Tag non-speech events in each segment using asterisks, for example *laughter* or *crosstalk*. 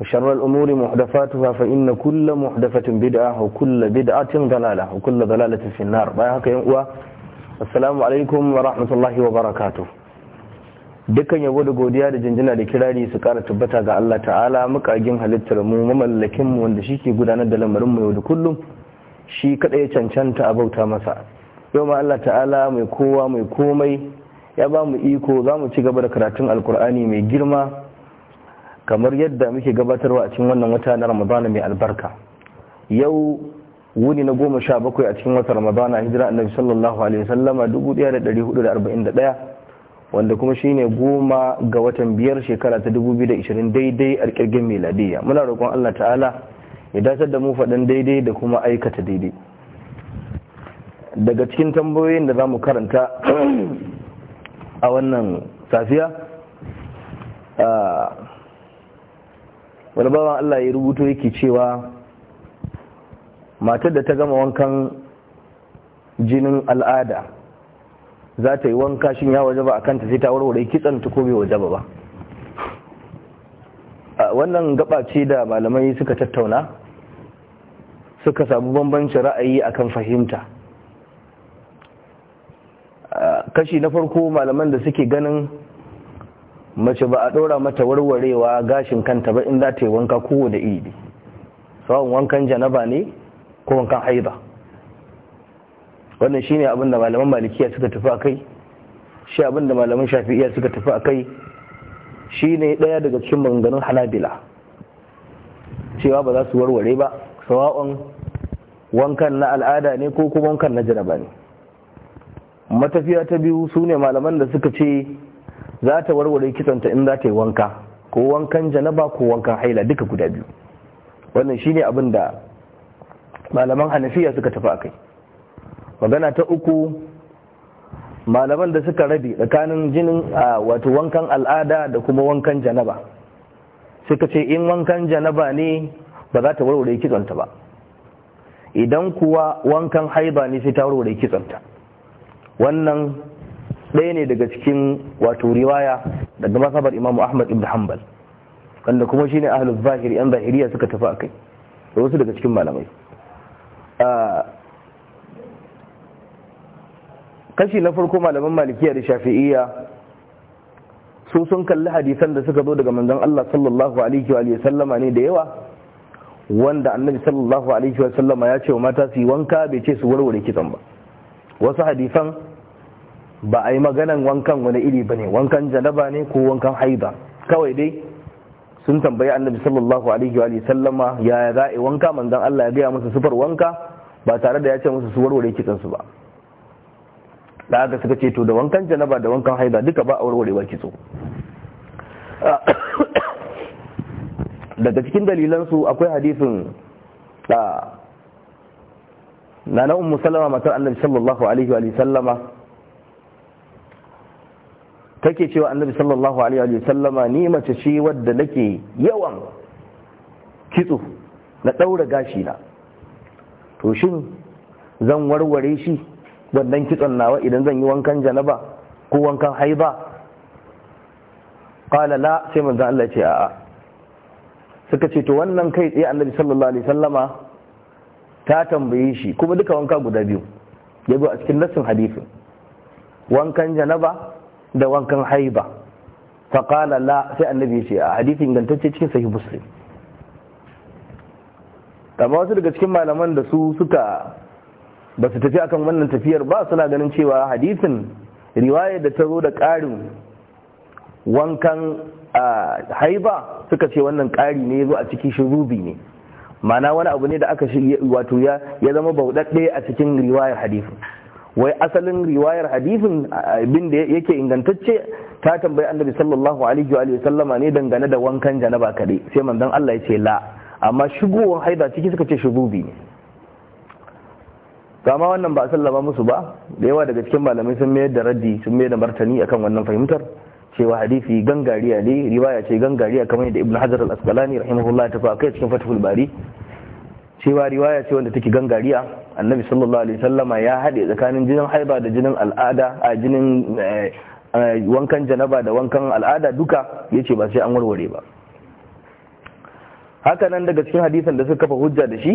وشر الأمور محدثاتها فإن كل محدثة بدعة وكل بدعة ضلالة وكل ضلالة في النار السلام عليكم ورحمة الله وبركاته dukkan ya da godiya da jinjina da kirari su kara tabbata ga Allah ta'ala makagin halittar mu mamallakin mu wanda shike gudanar da lamarin mu yau da kullum shi kadai cancanta a bauta masa yau ma Allah ta'ala mai kowa mai komai ya ba mu iko za mu ci gaba da karatun alkur'ani mai girma kamar yadda muke gabatarwa a cikin wannan wata na ramadana mai albarka yau wuni na goma sha bakwai a cikin wata ramadana hijira annabi sallallahu alaihi wasallama daya, wanda kuma shine goma ga watan biyar shekara ta dubu biyu da ishirin daidai a kirgin miladiyya muna roƙon Allah ta'ala ya dasar da mu faɗin daidai da kuma aikata daidai daga cikin tambayoyin da za mu karanta a wannan safiya wani bawan Allah ya rubuto yake cewa matar da ta gama wankan jinin al'ada za ta yi wanka shin ya waje ba a kanta sai ta warware kitsan ta ko waje ba ba wannan gaba ce da malamai suka tattauna suka samu bambancin ra'ayi akan fahimta kashi na farko malaman da suke ganin mace ba a ɗora mata warwarewa gashin kanta ba in za ta yi wanka kowa da iri Sawan wankan janaba ne ko wankan haiza wannan shine abin da malaman malikiya suka tafi akai shi abin da malaman shafi'iya suka tafi akai shine ɗaya daga cikin maganganun hanabila cewa ba za su warware ba sawa'on wankan na al'ada ne ko kuma wankan na janaba ne matafiya ta biyu su ne malaman da suka ce za ta warware kitsanta in za ta yi wanka ko wankan janaba ko wankan haila duka guda biyu wannan shine abin da malaman hanafiya suka tafi akai magana ta uku malaman da suka rabe tsakanin jinin wato wankan al'ada da kuma wankan janaba suka ce in wankan janaba ne ba za ta warware kitsanta ba idan kuwa wankan haiba ne sai ta warware kitsanta wannan ɗaya ne daga cikin wato riwaya daga masabar imamu ahmad ibn hanbal wanda kuma ne ahalus zahiri yan zahiriya suka tafi akai da wasu daga cikin malamai kashi na farko malaman malikiya da shafi'iyya su sun kalli hadisan da suka zo daga manzon Allah sallallahu alaihi wa sallama ne da yawa wanda annabi sallallahu alaihi wa sallama ya ce wa mata su yi wanka bai ce su warware kitson ba wasu hadisan ba a yi maganan wankan wani iri ba ne wankan janaba ne ko wankan haida kawai dai sun tambayi annabi sallallahu alaihi wa sallama ya za a wanka manzon Allah ya gaya musu sufar wanka ba tare da ya ce musu su warware kitsansu ba da aka suka ce to da wankan janaba da wankan haida duka ba a warware ba kitso daga cikin dalilansu akwai hadisin da ah, na ummu sallama matar annabi sallallahu alaihi wa sallama take cewa annabi sallallahu alaihi wa sallama ni mace ce wadda nake yawan kitso na daura gashi na to shin zan warware shi wannan kitson nawa idan zan yi wankan janaba ko wankan haiba qala la sai manzo Allah ya ce a'a suka ce to wannan kai tsaye annabi sallallahu alaihi sallama ta tambaye shi kuma duka wanka guda biyu ya zo a cikin nassin hadisin wankan janaba da wankan haiba faƙala la sai annabi ya ce a hadithi ingantacce cikin sahih muslim amma wasu daga cikin malaman da su suka ba su tafi akan wannan tafiyar ba suna ganin cewa hadithin riwaya da ta zo da ƙarin wankan haiba suka ce wannan ƙari ne zo a cikin shirubi ne mana wani abu ne da aka wato ya zama bauɗaɗɗe a cikin riwayar hadithin wai asalin riwayar hadifin abin da yake ingantacce ta tambayi annabi sallallahu alaihi wa sallama ne dangane da wankan janaba kaɗai sai manzon Allah ya ce la amma shigowar haida ciki suka ce shugubi ne kama wannan ba a sallama musu ba da yawa daga cikin malamai sun mayar da raddi sun mayar da martani akan wannan fahimtar cewa hadisi gangariya ne riwaya ce gangariya kamar yadda ibn hajar al-asqalani rahimahullah ta fa kai cikin fathul bari cewa riwaya ce wanda take gangariya annabi sallallahu alaihi wasallama ya haɗe tsakanin jinin haiba da jinin al'ada a jinin eh, eh, wankan janaba da wankan al'ada duka yace ba sai an warware ba haka nan daga cikin hadisan da suka kafa hujja da shi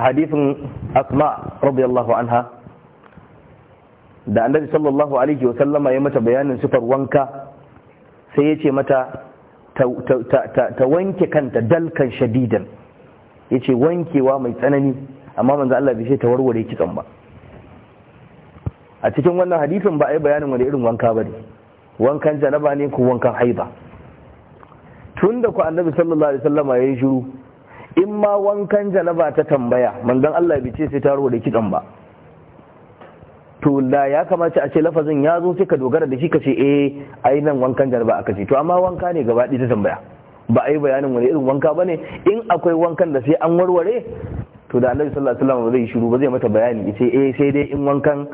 hadisin asma radiyallahu anha da annabi sallallahu alaihi wasallama ya mata bayanin sifar wanka sai yace mata ta wanke kanta dalkan shadidan Ya ce wankewa mai tsanani amma manzo Allah bai ce ta warware kitsan ba a cikin wannan hadisin ba a yi bayanin wani irin wanka ba ne wankan janaba ne ko wankan haiba tun da ku annabi sallallahu alaihi wasallama ya yi shiru in ma wankan janaba ta tambaya manzon Allah bai ce sai ta warware kitsan ba to la ya kamata a ce lafazin ya zo sai ka dogara da shi ka ce eh ainihin wankan janaba aka ce to amma wanka ne gaba ta tambaya ba a yi bayanin wani irin wanka ba ne in akwai wankan da sai an warware to da annabi sallallahu alaihi wasallam zai shiru ba zai mata bayani sai eh sai dai in wankan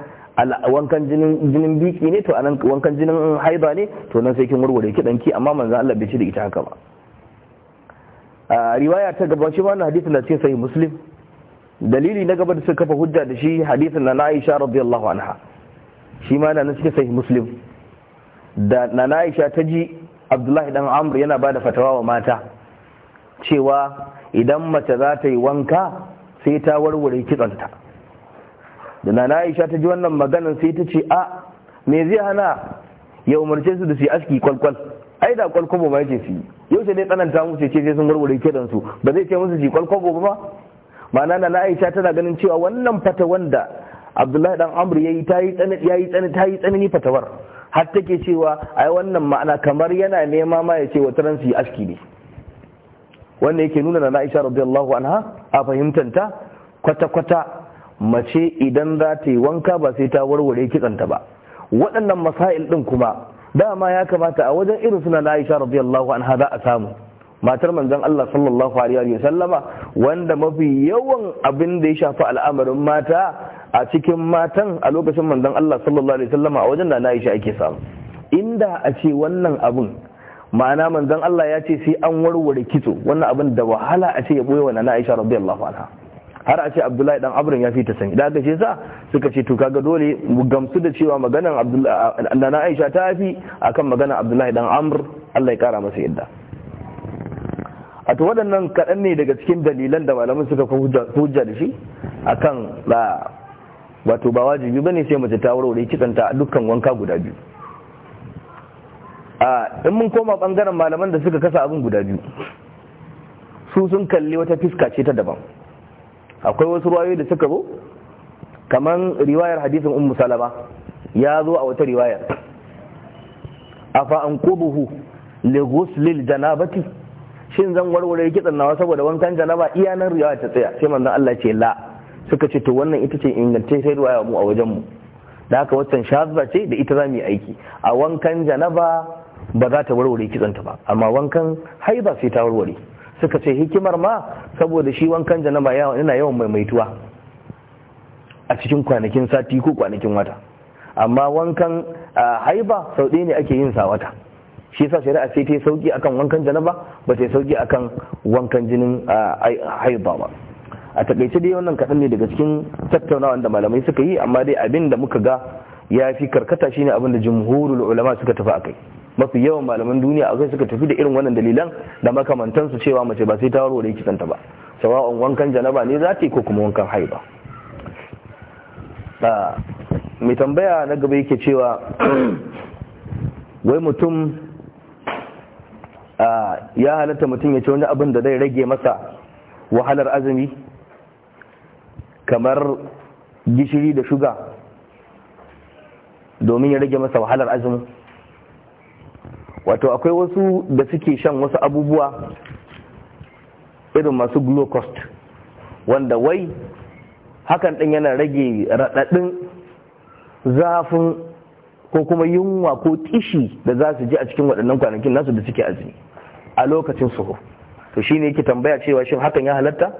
wankan jinin jinin biki ne to anan wankan jinin haiba ne to nan sai kin warware ki danki amma manzon Allah bai ci da ita haka ba a riwaya ta gaban shi wannan hadisi na cikin sahih muslim dalili na gaba da suka kafa hujja da shi hadisin na Aisha radiyallahu anha shi ma na cikin sahih muslim da na Aisha ta ji abdullahi dan amr yana bada fatawa wa mata cewa idan mace za ta yi wanka sai ta warware kitsonta da na aisha ta ji wannan maganar sai ta ce a me zai hana ya umarce su da su yi aski kwalkwal ai da kwalkwabo ma yake su yi yau sai dai tsananta musu ce sai sun warware kitsansu ba zai ce musu su yi kwalkwabo ba ma'ana na aisha tana ganin cewa wannan fatawan da abdullahi dan amr ya yi ta yi tsanani fatawar har take cewa ai wannan ma'ana kamar yana nema ma ya ce wa yi aski ne wannan yake nuna na Aisha radiyallahu anha a fahimtanta kwata-kwata mace idan za ta yi wanka ba sai ta warware kitsanta ba waɗannan masail ɗin kuma dama ya kamata a wajen irin suna na Aisha radiyallahu anha za a samu matar manzon Allah sallallahu alaihi wa sallama wanda mafi yawan abin da ya shafi al'amarin mata a cikin matan a lokacin manzon Allah sallallahu alaihi wa sallama a wajen da na Aisha ake samu inda a ce wannan abin ma'ana manzon Allah ya ce sai an warware kitso wannan abin da wahala a ce ya boye wa na Aisha radiyallahu anha har a ce abdullahi dan abrin ya fi ta sani da aka ce sa suka ce to kaga dole mu gamsu da cewa maganar abdullahi na aisha ta fi akan maganar abdullahi dan amr Allah ya kara masa yadda a to waɗannan kaɗan ne daga cikin dalilan da malamin suka hujja da shi A kan ba wato ba wajibi ba ne sai mace ta wuri kitsanta a dukkan wanka guda biyu a in mun koma ɓangaren malaman da suka kasa abin guda biyu su sun kalli wata fiska ce ta daban akwai wasu ruwayoyi da suka zo kamar riwayar hadisin ummu salama ya zo a wata riwayar afa an qubuhu li ghuslil janabati shin zan warware kitsan nawa saboda wankan janaba iya nan riwaya ta tsaya sai manzon Allah ce la suka ce to wannan ita ce ingantacce riwaya mu a wajen mu da haka waccan shazza ce da ita za mu yi aiki a wankan janaba ba za ta warware ta ba amma wankan haiba sai ta warware suka ce hikimar ma saboda shi wankan janaba yana yawan maimaituwa a cikin kwanakin sati ko kwanakin wata amma wankan ah, haiba sau ɗaya ne ake yin sa wata shi yasa shari'a sai ta yi sauki akan wankan janaba ba ta yi sauki akan wankan jinin haida ba a takaice dai wannan kaɗan ne daga cikin tattaunawa da malamai suka yi amma dai abin da muka ga ya fi karkata shine abin da jumhurul ulama suka tafi a kai. mafi yawan malaman duniya akai suka tafi da irin wannan dalilan da makamantansu cewa mace ba sai ta warware kitsanta ba sawa'un wankan janaba ne za ta yi ko kuma wankan haiba mai tambaya na gaba yake cewa *clears throat* wai mutum ya halatta mutum ya ce wani abin da zai rage masa wahalar azumi kamar gishiri da shuga domin ya rage masa wahalar azumi wato akwai wasu da suke shan wasu abubuwa irin masu glucose wanda wai hakan ɗin yana rage raɗaɗin zafin ko kuma yunwa ko tishi da za su ji a cikin waɗannan kwanakin nasu da suke azumi a lokacin suhu to shine yake tambaya cewa shin hakan ya halatta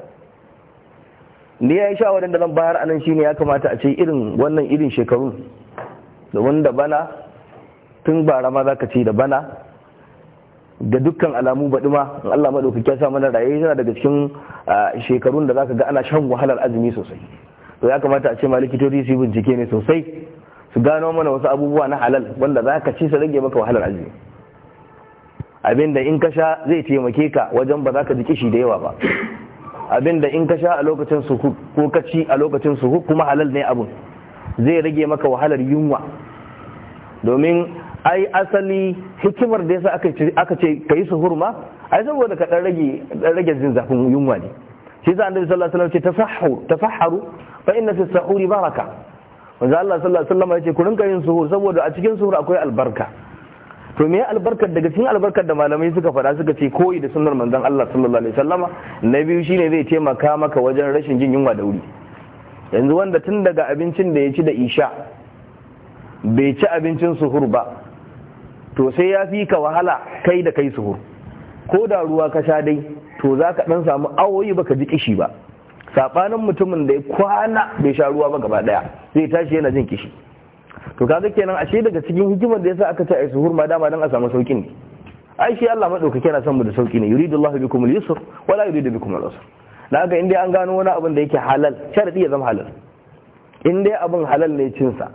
ni ya yi shawarar da zan bayar anan shine ya kamata a ce irin wannan irin shekarun da wanda bana tun bara ma zaka ce da bana da dukkan alamu baɗi ma Allah maɗaukaki ya sa mana raye yana daga cikin shekarun da zaka ga ana shan wahalar azumi sosai to ya kamata a ce ma likitoci su bincike ne sosai su gano mana wasu abubuwa na halal wanda za ka ci su rage maka wahalar azumi abinda in ka sha zai taimake ka wajen ba za ka ji kishi da yawa ba abinda in ka sha a lokacin suhu ko ka ci a lokacin suhu kuma halal ne abun zai rage maka wahalar yunwa domin ai asali hikimar da yasa aka ce ka yi suhur ma ai saboda ka dan rage dan rage jin zafin yunwa ne shi yasa annabi sallallahu alaihi wasallam ce tafahharu tafahharu fa inna fi sahuri baraka manzo Allah sallallahu alaihi wasallam yake ku rinka yin suhur saboda a cikin suhur akwai albarka to me albarkar daga cikin albarkar da malamai suka faɗa suka ce koyi da sunnar manzon Allah sallallahu alaihi wasallama na biyu shine zai taimaka maka wajen rashin jin yunwa da wuri yanzu wanda tun daga abincin da ya ci da isha bai ci abincin suhur ba to sai ya fi ka wahala kai da kai suhur ko da ruwa ka sha dai to za ka ɗan samu awoyi baka ji kishi ba sabanin mutumin da ya kwana bai sha ruwa ba gaba daya zai tashi yana jin kishi to kaga kenan ashe daga cikin hikimar da yasa aka ta ai suhur ma dama dan a samu sauki ne ai shi Allah madaukake yana son mu da sauki ne yuridullahu bikum al-yusr wala yuridu bikum al-usr da in indai an gano wani abin da yake halal sharadi ya zama halal in dai abin halal ne cin sa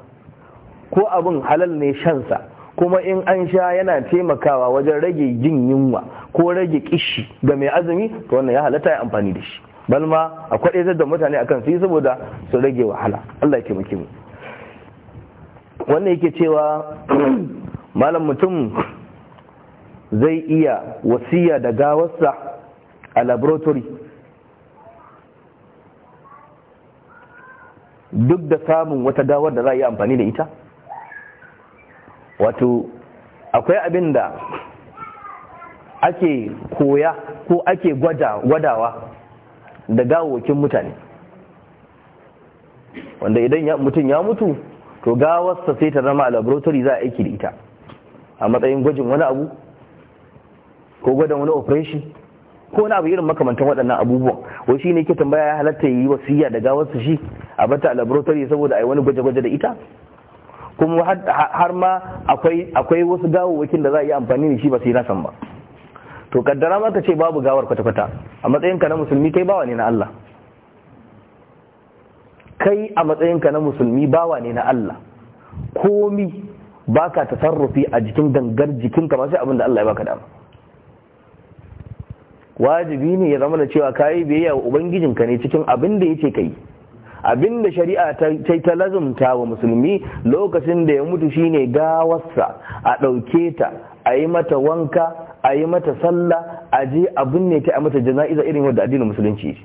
ko abin halal ne shan sa kuma in an sha yana taimakawa wajen rage jin yunwa ko rage kishi ga mai azumi to wannan ya halatta ya amfani da shi Balma ma a kwaɗaitar da mutane akan su yi saboda su rage wahala Allah ya taimake mu wannan yake cewa *clears throat* malam mutum zai iya wasiya da gawarsa a laboratory duk da samun wata gawar da za a yi amfani da ita wato akwai abin da ake koya ko ake gwadawa da gawokin mutane wanda idan mutum ya mutu to gawarsa sai ta zama a laboratory za a aiki da ita a matsayin gwajin wani abu ko gwada wani operation ko wani abu irin makamantan waɗannan abubuwan wai shi ne ke tambaya ya halatta yi wasiya da gawarsa shi a bata a laboratory saboda a yi wani gwaje-gwaje da ita kuma har ma akwai wasu gawowakin da za a yi amfani da shi ba sai na nasan ba to kaddara ma ka ce babu gawar kwata-kwata a matsayinka na musulmi kai bawa ne na Allah kai a matsayinka na musulmi bawa ne na Allah komi baka tasarrufi a jikin dangar jikinka ba sai abin da Allah ya baka dama wajibi ne ya zama da cewa kayi biyayya wa ubangijinka ne cikin abin da yake kai abin da shari'a ta ta lazumta wa musulmi lokacin da ya mutu shine gawarsa a ɗauke ta a yi mata wanka a yi mata sallah a je a binne ta a mata jana'iza irin wadda addinin musulunci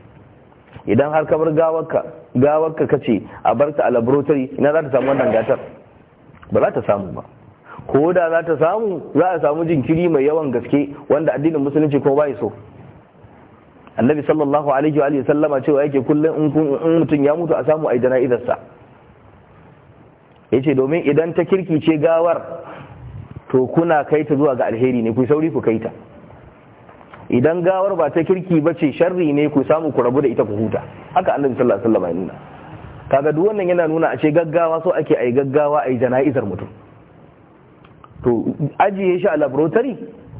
idan har kamar gawarka ka kace a barka a laboratory ina za ta samu wannan gatar ba za ta samu ba ko da za ta samu za a samu jinkiri mai yawan gaske wanda addinin musulunci ko bai so annabi sallallahu alaihi wa sallama cewa yake kullum in mutum ya mutu a samu ai jana'izarsa yace domin idan ta kirkice gawar to kuna kai ta zuwa ga alheri ne ku sauri ku kai ta idan gawar ba ta kirki ba ce sharri ne ku samu ku rabu da ita ku huta haka annabi sallallahu alaihi wasallam ya nuna kaga duk wannan yana nuna ashe gaggawa so ake ai gaggawa ai jana'izar mutum to ajiye shi a laboratory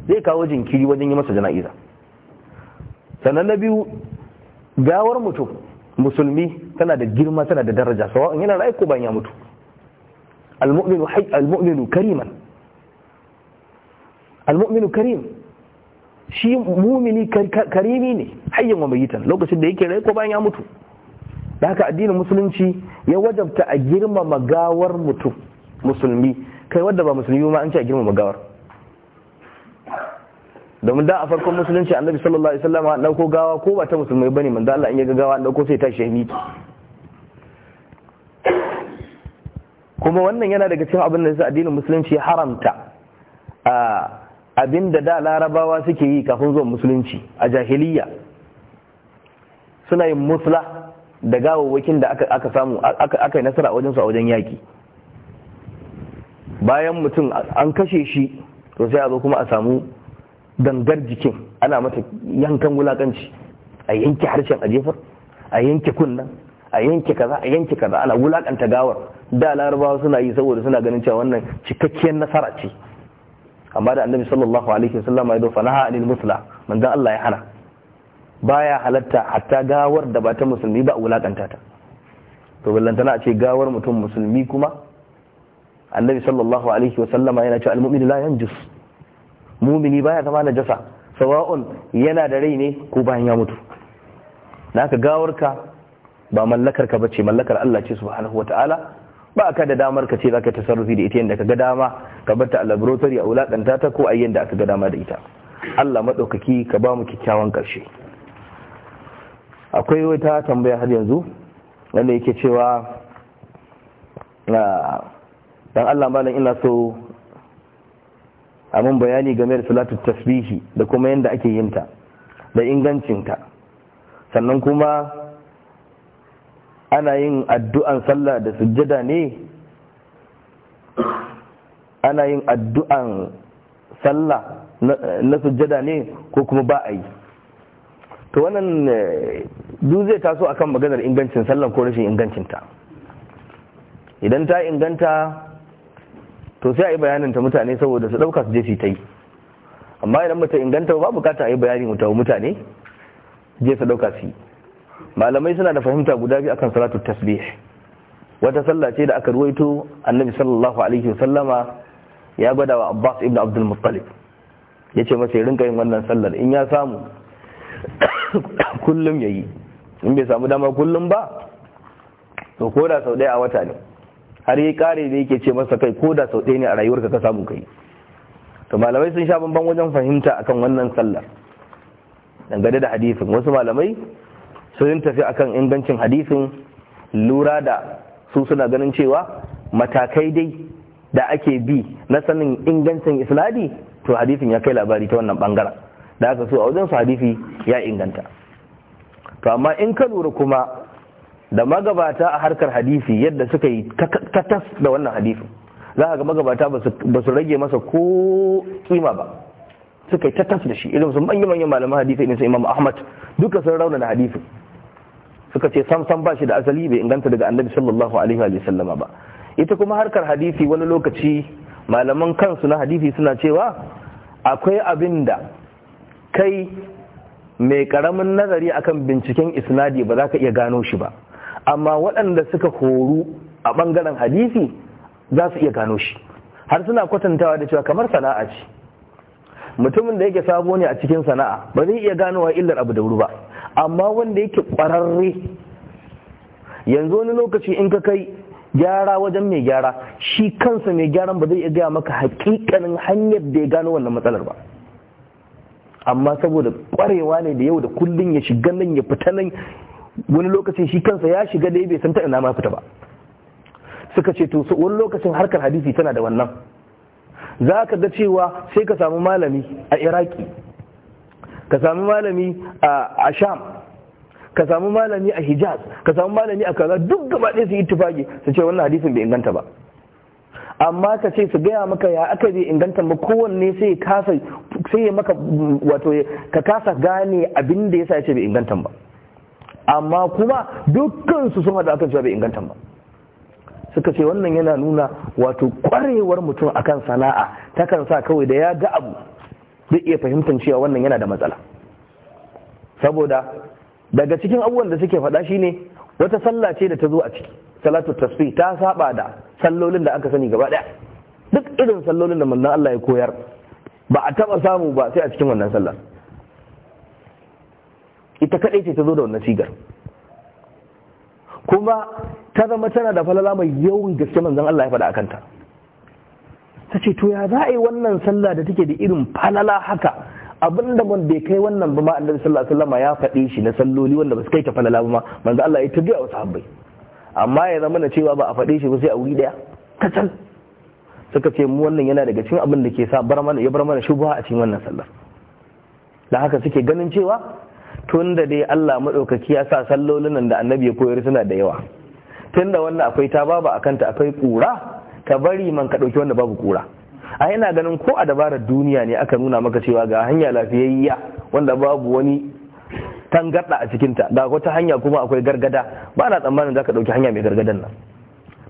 zai kawo jinkiri wajen yi masa jana'iza sannan na biyu gawar mutum musulmi tana da girma tana da daraja sawa'un yana rai ko ban ya mutu al-mu'minu kariman almu'minu karim shi mumini karimi ne hayyan wa mayitan lokacin da yake rai ko bayan ya mutu da haka addinin musulunci ya wajabta a girmama gawar mutum musulmi kai wadda ba musulmi ma an ce a girmama gawar domin da a farkon musulunci annabi sallallahu alaihi wasallam an dauko gawa ko ba ta musulmai bane manzo Allah in ya ga gawa an dauko sai ta shahimi kuma wannan yana daga cikin abin da sa addinin musulunci ya haramta a ah, Abin da da larabawa suke yi kafin zuwa musulunci a jahiliya suna yin musla da gawawwakin da aka samu aka yi nasara a wajensu a wajen yaƙi bayan mutum an kashe shi to sai a zo kuma a samu dangar jikin ana mata yankan wulakanci a yanke harshen a jefar a yanke kunnan a yanke kaza a yanke kaza ana wulakanta gawar da larabawa suna yi saboda suna ganin cewa wannan cikakkiyar nasara ce amma da annabi sallallahu alaihi wasallam ya dofa naha anil musla manzon Allah ya hana baya halatta hatta gawar da ba ta musulmi ba a wulakanta ta to ballantana a ce gawar mutum musulmi kuma annabi sallallahu alaihi wasallama yana cewa almu'min la yanjus mumini baya zama najasa sawa'un yana da rai ne ko bayan ya mutu naka gawarka ba mallakar ka bace mallakar Allah ce subhanahu wataala ba ka da damar ka ce zaka tasarrufi da ita yadda ka ga dama ka bar ta a laboratory a wulakanta ta ko a yadda aka ga dama da ita Allah maɗaukaki ka ba mu kyakkyawan ƙarshe akwai wata tambaya har yanzu wanda yake cewa dan Allah malam ina so a mun bayani game da salatu tasbihi da kuma yadda ake yin ta da ingancin ta sannan kuma ana yin addu'an sallah da sujjada ne ana yin addu'an sallah na sujjada ne ko kuma ba a yi to wannan eh, duk zai taso akan maganar ingancin sallan ko rashin ingancinta idan ta inganta to sai a yi bayaninta mutane saboda su ɗauka su je su ta yi amma idan mata inganta ba bukata a yi bayani mutane je su ɗauka su yi malamai suna da fahimta guda biyu akan salatu tasbih wata sallah ce da aka ruwaito annabi sallallahu alaihi wasallama ya gwada wa Abbas ibn Abdul Muttalib yace masa ya rinka yin wannan sallar in ya samu *coughs* kullum yayi in bai samu dama kullum ba to koda sau daya a wata ne har yi kare da yake ce masa kai koda sau daya ne a rayuwarka ka samu kai to malamai sun sha bamban wajen fahimta akan wannan sallar dangane da hadisin wasu malamai sun tafi akan ingancin hadisin lura da su suna ganin cewa matakai dai da ake bi na sanin ingancin isnadi to hadisin ya kai labari ta wannan bangaren da aka so a wajen su hadisi ya inganta to amma in ka lura kuma da magabata a harkar hadisi yadda suka yi katas da wannan hadisin za ga magabata ba su rage masa ko kima ba suka yi tatas da shi irin su manyan manyan malaman hadisi ne su imam ahmad duka sun da hadisin suka ce sam sam ba shi da asali bai inganta daga annabi sallallahu alaihi wa sallama ba ita kuma harkar hadisi wani lokaci malaman kansu na hadisi suna cewa akwai abin da kai mai karamin nazari akan binciken isnadi ba za ka iya gano shi ba amma waɗanda suka horu a ɓangaren hadisi za su iya gano shi har suna kwatantawa da cewa kamar sana'a ce mutumin da yake sabo ne a cikin sana'a ba zai iya ganowa illar abu da wuri ba amma wanda yake kwararre, yanzu wani lokaci in ka kai gyara wajen mai gyara shi kansa mai gyaran ba zai iya gaya maka hakikanin hanyar da ya gano wannan matsalar ba amma saboda kwarewa ne da yau da kullum ya shiga nan ya fita nan wani lokacin shi kansa ya shiga da ya bai san ta ina ma fita ba suka ce to wani lokacin harkar hadisi tana da wannan za ka ga cewa sai ka samu malami a iraki ka sami malami a sham ka sami malami a hijaz ka sami malami a kaza duk gaba ɗaya su yi tufagi su ce wannan hadisin bai inganta ba amma ka ce su gaya maka ya aka bai inganta ba kowanne sai kasa sai ya maka wato ka kasa gane abin da yasa ya ce bai inganta ba amma kuma dukkan su sun hada akan cewa bai inganta ba suka ce wannan yana nuna wato kwarewar mutum akan sana'a takan sa kawai da ya ga abu zai iya fahimtar cewa wannan yana da matsala saboda daga cikin abubuwan da suke faɗa ne wata sallah ce da ta zo a ciki salatu tasbih ta saba da sallolin da aka sani gaba ɗaya duk irin sallolin da manzon Allah ya koyar ba a taba samu ba sai a cikin wannan sallah. ita kadai ce ta zo da wannan sigar kuma ta zama tana da falala mai yawan gaske manzon Allah ya faɗa akan ta ta ce to ya za a yi wannan sallah da take da irin falala haka abin da man bai kai wannan ba ma annabi sallallahu alaihi wasallam ya faɗe shi na salloli wanda ba su kai ta falala ba manzo Allah ya tabiya wa sahabbai amma ya zama na cewa ba a faɗe shi ba sai a wuri daya kacal suka ce mu wannan yana daga cikin abin da ke sa bar mana ya bar mana shubha a cikin wannan sallar da haka suke ganin cewa tun da dai Allah maɗaukaki ya sa sallolin da annabi ya koyar suna da yawa tun da wannan akwai tababa a kanta akwai kura. ka bari man ka ɗauki wanda babu kura a yana ganin ko a dabarar duniya ne aka nuna maka cewa ga hanya lafiyayya wanda babu wani tangarɗa a cikinta ga wata hanya kuma akwai gargada ba na tsammanin za ka ɗauki hanya mai gargadan nan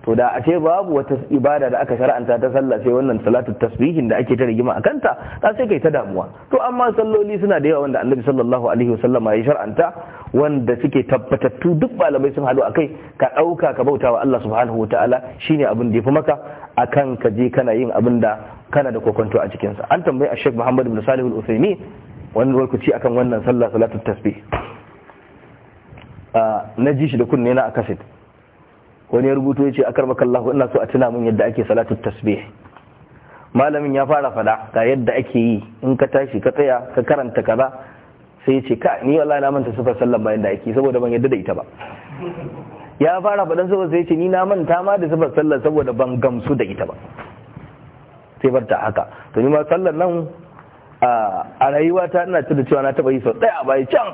to da a babu wata ibada da aka shar'anta ta sallah sai wannan salatu tasbihin da ake ta rigima a kanta da sai kai ta damuwa to amma salloli suna da yawa wanda annabi sallallahu alaihi wasallama ya shar'anta wanda suke tabbatattu duk malamai sun hadu akai ka ɗauka ka bauta wa Allah subhanahu wataala shine abin da yafi maka akan ka je kana yin abin da kana da kokonto a cikin sa an tambayi a Muhammad ibn Salih al wani lokaci akan wannan sallah salatu tasbih ah, na ji shi da kunne na a kasita. wani ya rubuto ya ce akar makallahu ina so a tuna min yadda ake salatu tasbih malamin ya fara fada ga yadda ake yi in ka tashi ka tsaya ka karanta kaza sai ya ce ka ni wallahi na manta sufar sallan bayan da ake saboda ban yadda da ita ba ya fara fadan saboda sai ya ce ni na manta ma da sufar sallan saboda ban gamsu da ita ba sai barta haka to ni ma sallan nan a rayuwata ina tuna cewa na taba yi sau daya a baya can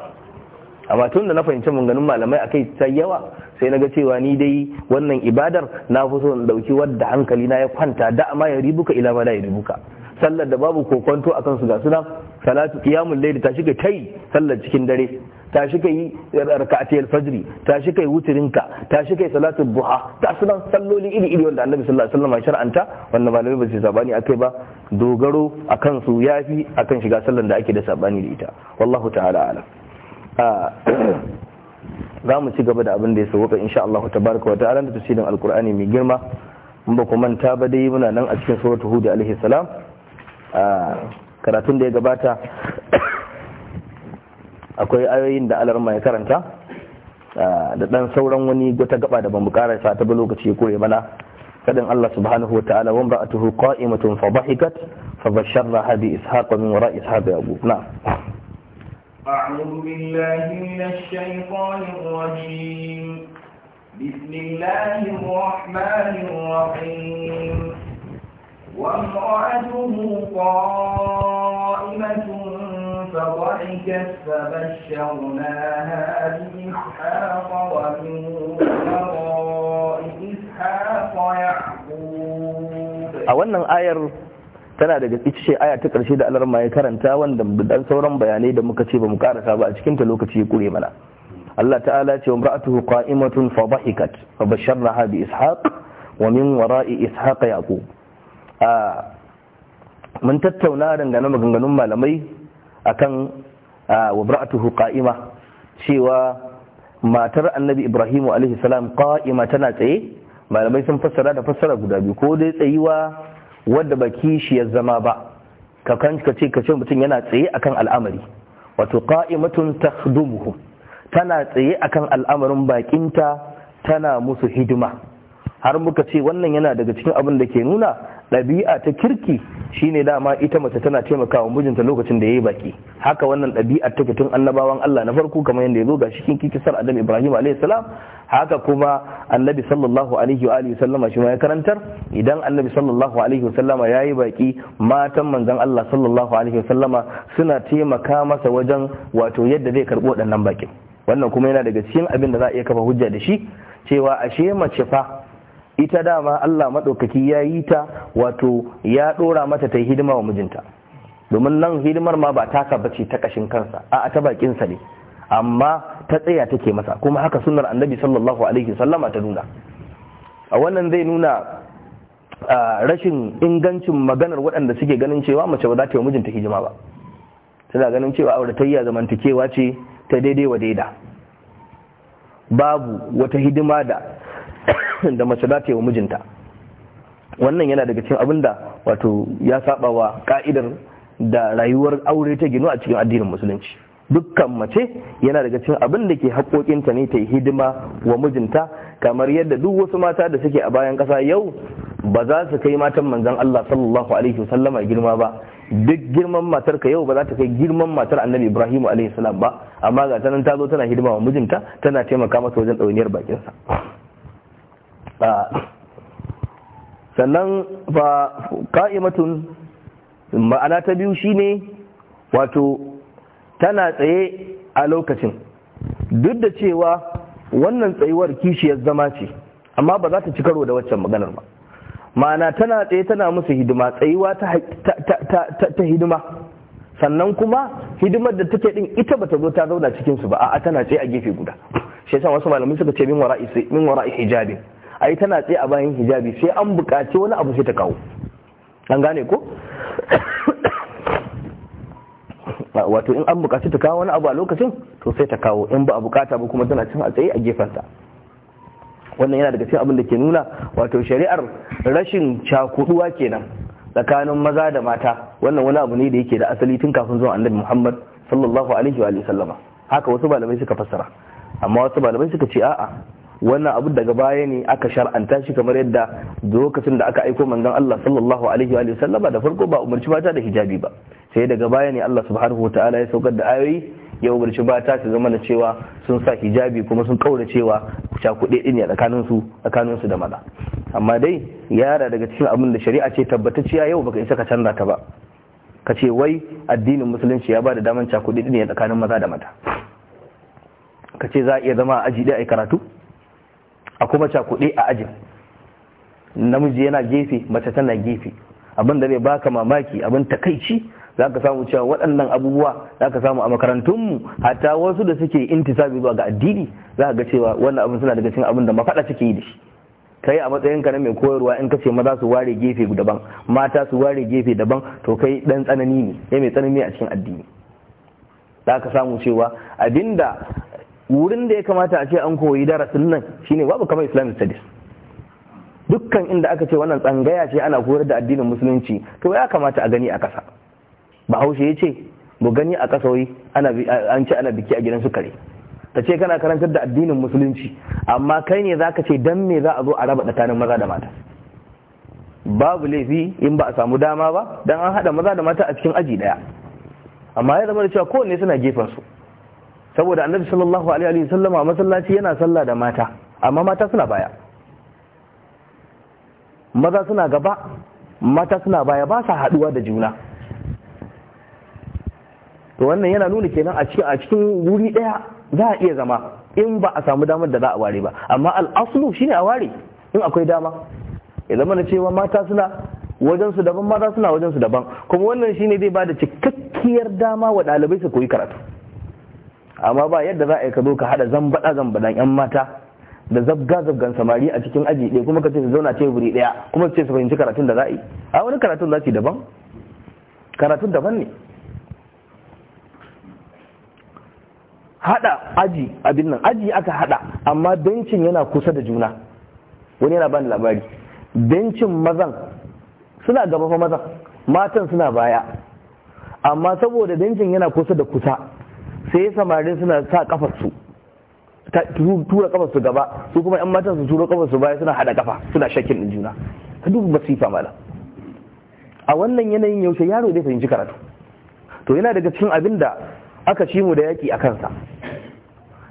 amma tun da na fahimci maganganun malamai a kai ta yawa sai na ga cewa ni dai wannan ibadar na fi son dauki wadda hankali na ya kwanta da amma ya ribuka ila ma ya ribuka sallar da babu kokonto akan su ga suna salatu qiyamul layl ta shiga tai sallar cikin dare ta yi kai al fajri ta shiga wutirinka ta shiga salatu duha ta sunan salloli iri iri wanda annabi sallallahu alaihi wasallam ya shar'anta wanda malamai ba su sabani akai ba dogaro akan su yafi akan shiga sallar da ake da sabani da ita wallahu ta'ala alam *clears throat* za mu ci gaba da abin da ya sauka insha Allah tabaraka wa ta'ala da tafsirin alqur'ani mai girma mun ba ku manta ba dai muna nan a cikin suratul hud alaihi salam karatun da ya gabata *clears throat* akwai ayoyin da alarma ya karanta da dan sauran wani wata gaba da bamu sa ta ba lokaci ya kore mana kadin Allah subhanahu wa ta'ala wa ra'atuhu qa'imatun fa dhahikat fa basharraha bi ishaqa min wara ishaqa yaqub na'am أعوذ بالله من الشيطان الرجيم بسم الله الرحمن الرحيم وامرأته قائمة فضحكت فبشرناها بإسحاق ومن وراء إسحاق يعقوب أولا آية tana daga ce aya ta karshe da alarma ya karanta wanda dan sauran bayanai da muka ce ba mu karasa ba a cikin ta lokaci ya kure mana Allah ta'ala ce wa imra'atuhu qa'imatun fa dhahikat fa basharraha bi ishaq wa min wara'i ishaq yaqub a mun tattauna dangane maganganun malamai akan wa imra'atuhu qa'ima cewa matar annabi ibrahimu alaihi salam qa'ima tana tsaye malamai sun fassara da fassara guda biyu ko dai tsayuwa wadda ba kishiyar zama ba ka ce ka ce mutum yana tsaye akan al'amari wato qa'imatun takhdumuhum tana tsaye akan al'amarin bakinta tana musu hidima har muka ce wannan yana daga cikin abin da ke nuna ɗabi'a ta kirki shi shine dama ita mace tana taimakawa mijinta lokacin da ya yi baki haka wannan ɗabi'a ta tun annabawan Allah na farko kamar yadda ya zo ga cikin kisar Adam Ibrahim alayhi salam haka kuma Annabi sallallahu alaihi wa alihi sallama shi ma ya karantar idan Annabi sallallahu alaihi wa sallama ya yi baki matan manzon Allah sallallahu alaihi wa sallama suna taimaka masa wajen wato yadda zai karbo waɗannan bakin wannan kuma yana daga cikin abin da za a iya kafa hujja da shi cewa ashe mace fa ita dama Allah maɗaukaki ya yi ta wato ya ɗora mata ta yi hidima wa mijinta domin nan hidimar ma ba taka bace ta ƙashin kansa a ta bakin sa ne amma ta tsaya take masa kuma haka sunar annabi sallallahu alaihi sallama ta nuna a wannan zai nuna rashin ingancin maganar waɗanda suke ganin cewa mace ba za ta yi mijinta hidima ba tana ganin cewa auratayya zamantakewa ce ta daidai wa daida babu wata hidima da *coughs* da mace za ta yi wa mijinta wannan yana daga cikin abinda wato ya saba wa ka'idar da rayuwar aure ta ginu a cikin addinin musulunci dukkan mace yana daga cikin abin da ke haƙoƙinta ne ta yi hidima wa mijinta kamar yadda duk wasu mata da suke a bayan ƙasa yau ba za su kai matan manzan Allah sallallahu alaihi wasallama girma ba duk girman matar ka yau ba za ta kai girman matar annabi Ibrahim alaihi salam ba amma ga ta nan ta zo tana hidima wa mijinta tana taimaka masa wajen bakin bakinsa sannan fa ka'imatun ma'ana ta biyu shine wato tana tsaye a lokacin duk da cewa wannan tsayuwar kishiyar zama ce amma ba za ta ci karo da waccan maganar ba ma'ana tana tsaye tana musu hidima tsayuwa ta hidima sannan kuma hidimar da take din ita ba ta zo ta zauna cikinsu ba a'a tana tsaye a gefe guda shi yasa wasu malamai suka ce min min wara'i hijabin ai tana tsaye a bayan hijabi sai an buƙaci wani abu sai ta kawo an gane ko wato in an buƙaci ta kawo wani abu a lokacin to sai ta kawo in ba a buƙata ba kuma tana cin a tsaye a gefenta wannan yana daga cikin abin da ke nuna wato shari'ar rashin cakuduwa kenan tsakanin maza da mata wannan wani abu ne da yake da asali tun kafin zuwa annabi muhammad sallallahu alaihi wa sallama haka wasu malamai suka fassara amma wasu malamai suka ce a'a wannan abu daga baya ne aka shar'anta shi kamar yadda lokacin da aka aiko manzon Allah sallallahu alaihi wa sallama da farko ba umarci mata da hijabi ba sai daga baya ne Allah subhanahu wataala ya saukar da ayoyi ya umarci mata su zama da cewa sun sa hijabi kuma sun kaura cewa cakuɗe din ne tsakanin su tsakanin su da maza amma dai yara daga cikin abin da shari'a ce tabbatacciya yau baka isa ka canza ta ba ka ce wai addinin musulunci ya ba da daman cakuɗe din ne tsakanin maza da mata ka ce za a iya zama a aji ɗaya a karatu kuma cakuɗe a ajin namiji yana gefe mace tana gefe abin da zai baka mamaki abin takaici za ka samu cewa waɗannan abubuwa za ka samu a makarantunmu hatta wasu da suke intisabi zuwa ga addini za ka ga cewa wannan abin suna daga cikin abin da mafaɗa suke yi da shi kai a matsayinka na mai koyarwa in kace maza su ware gefe daban mata su ware gefe daban to kai dan tsanani ne ya mai tsanani a cikin addini za ka samu cewa abinda wurin da ya kamata a ce an koyi darasin nan shine babu kamar islamic studies dukkan inda aka ce wannan tsangaya ce ana koyar da addinin musulunci to ya kamata a gani a ƙasa bahaushe ya ce mu gani a ƙasa wai an ce ana biki a gidan su kare ta ce kana karantar da addinin musulunci amma kai ne za ka ce dan me za a zo a raba tsakanin maza da mata babu laifi in ba a samu dama ba dan an haɗa maza da mata a cikin aji ɗaya amma ya zama da cewa kowanne suna gefen su saboda annabi sallallahu alaihi wasallama a masallaci yana sallah da mata amma mata suna baya maza suna gaba mata suna baya ba sa haduwa da juna to wannan yana nuna kenan a cikin a cikin wuri daya za a iya zama in ba a samu damar da za a ware ba amma al'aslu shine a ware in akwai dama ya zama na cewa mata suna wajen su daban mata suna wajen su daban kuma wannan shine zai bada cikakkiyar dama wa ɗalibai su koyi karatu amma ba yadda za a yi ka zo ka hada zambada zambadan yan mata da zabga zabgan samari a cikin aji ɗaya kuma ka ce su zauna teburi ɗaya kuma su ce su fahimci karatun da za a yi a wani karatun za su yi daban karatun daban ne hada aji abin nan aji aka hada amma bencin yana kusa da juna wani yana bani labari bencin mazan suna gaba fa mazan matan suna baya amma saboda bencin yana kusa da kusa sai samarin suna sa kafarsu tura kafarsu gaba su kuma yan matan su tura kafarsu baya suna hada kafa suna shakin din juna ka duba masifa mala a wannan yanayin yaushe yaro zai fahimci karatu to yana daga cikin abin da aka ci mu da yaki a kansa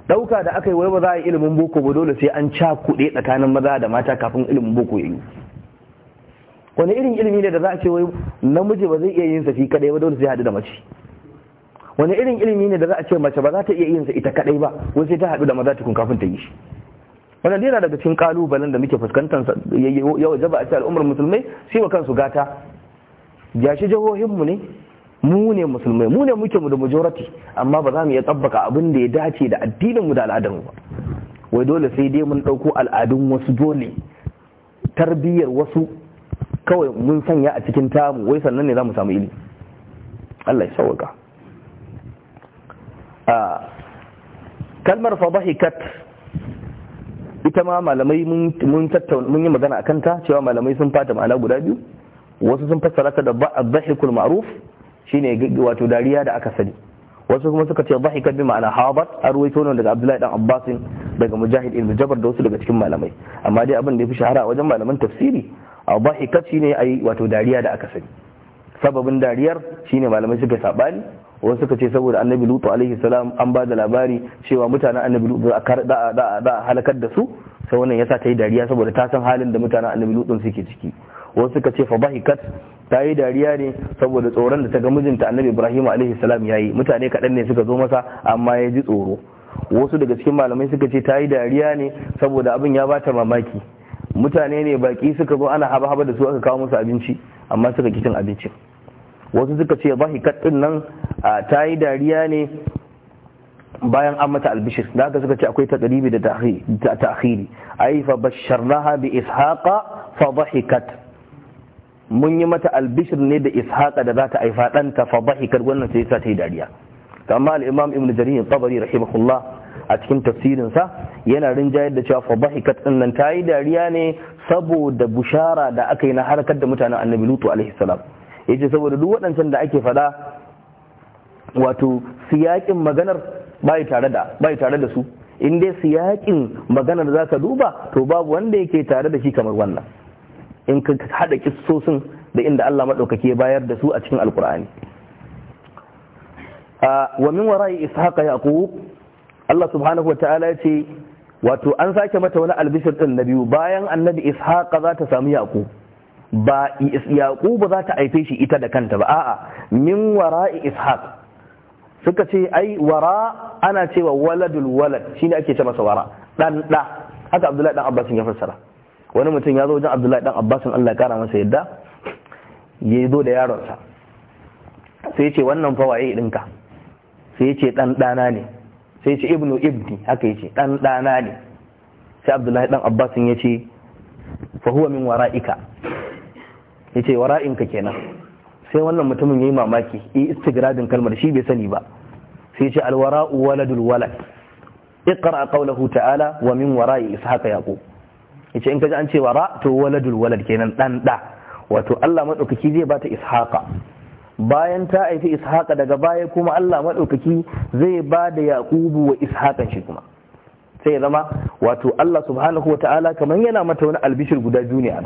dauka da aka yi wai ba za a yi ilimin boko ba dole sai an ca kuɗe tsakanin maza da mata kafin ilimin boko ya yi wani irin ilimi ne da za a ce wai namiji ba zai iya yin safi kadai ba dole sai hadu da mace wani irin ilimi ne da za a ce mace ba za ta iya yin sa ita kadai ba wai sai ta haɗu da maza tukun kafin ta yi shi wannan yana daga cikin kalubalen da muke fuskantar ya zaba a ce al'ummar musulmai sai wa kansu gata jahohin jihohinmu ne mu ne musulmai mu ne muke mu da majority amma ba za mu iya tsabbaka abin da ya dace da addinin mu da al'adar mu ba wai dole sai dai mun ɗauko al'adun wasu dole tarbiyyar wasu kawai mun sanya a cikin tamu wai sannan ne za mu samu ilimi Allah ya sauka kalmar fadahikat ita ma malamai mun tattauna mun yi magana akan ta cewa malamai sun fata ma'ana guda biyu wasu sun fassara ta da dhahikul ma'ruf shine wato dariya da aka sani wasu kuma suka ce dhahikat bi ma'ana habat arwayto ne daga Abdullahi dan Abbas daga Mujahid ibn Jabr da wasu daga cikin malamai amma dai abin da yafi shahara wajen malaman tafsiri a dhahikat shine ai wato dariya da aka sani sababin dariyar shine malamai suka sabani wasu suka ce saboda annabi lutu alaihi salam an ba da labari cewa mutanen annabi lutu za a halakar da su sai wannan yasa ta yi dariya saboda ta san halin da mutanen annabi lutu suke ciki wasu suka ce fa bahikat ta yi dariya ne saboda tsoron da ta ga mijinta annabi ibrahim alaihi salam yayi mutane kaɗan ne suka zo masa amma ya ji tsoro wasu daga cikin malamai suka ce ta yi dariya ne saboda abin ya bata mamaki mutane ne baki suka zo ana haba-haba da su aka kawo musu abinci amma suka ki cin abincin wasu suka ce zahikat din nan ta yi dariya ne bayan an mata albishir da haka suka ce akwai taqribi da a ai fa basharnaha bi ishaqa fa dhahikat mun yi mata albishir ne da ishaqa da za ta aifa danta fa dhahikat wannan sai ta yi dariya amma al-imam jaririn jarir tabari rahimahullah a cikin tafsirinsa yana rinjayar da cewa fadahikat din nan yi dariya ne saboda bushara da aka yi na harkar da mutanen annabi lutu alaihi salam yace saboda duk waɗancan da ake faɗa wato siyakin maganar bai tare da tare da su in dai siyakin maganar ka duba to babu wanda yake tare da shi kamar wannan in ka hada kissosin da inda Allah madaukake ya bayar da su a cikin alkur'ani wa min wara'i ishaqa yaqub Allah subhanahu wa ta'ala ce wato an sake mata wani albishir din na biyu bayan annabi ishaqa za ta samu yaqub ba yaƙubu za ta haife shi ita da kanta ba a'a min wara'i ishaq suka ce ai wara ana cewa waladul walad shine ake ce masa wara dan da haka abdullahi dan abbasin ya fassara wani mutum ya zo wajen abdullahi dan abbasin Allah kara masa yadda ya zo da yaronsa sai ce wannan fa waye dinka sai ce dan dana ne sai ce ibnu ibni haka yace dan dana ne sai abdullahi dan abbasin ya ce fa huwa min wara'ika ya ce ka kenan sai wannan mutumin ya yi mamaki i istigradin kalmar shi bai sani ba sai ce alwara'u waladul walad iqra qawluhu ta'ala wa min wara'i yaƙo. yaqub yace in kaji an ce wara to waladul walad kenan dan da wato Allah madaukaki zai bata ishaqa bayan ta haifi ishaqa daga baya kuma Allah madaukaki zai ba da yaqubu wa ishaqan shi kuma sai ya zama wato Allah subhanahu wa ta'ala kamar yana mata wani albishir guda biyu ne a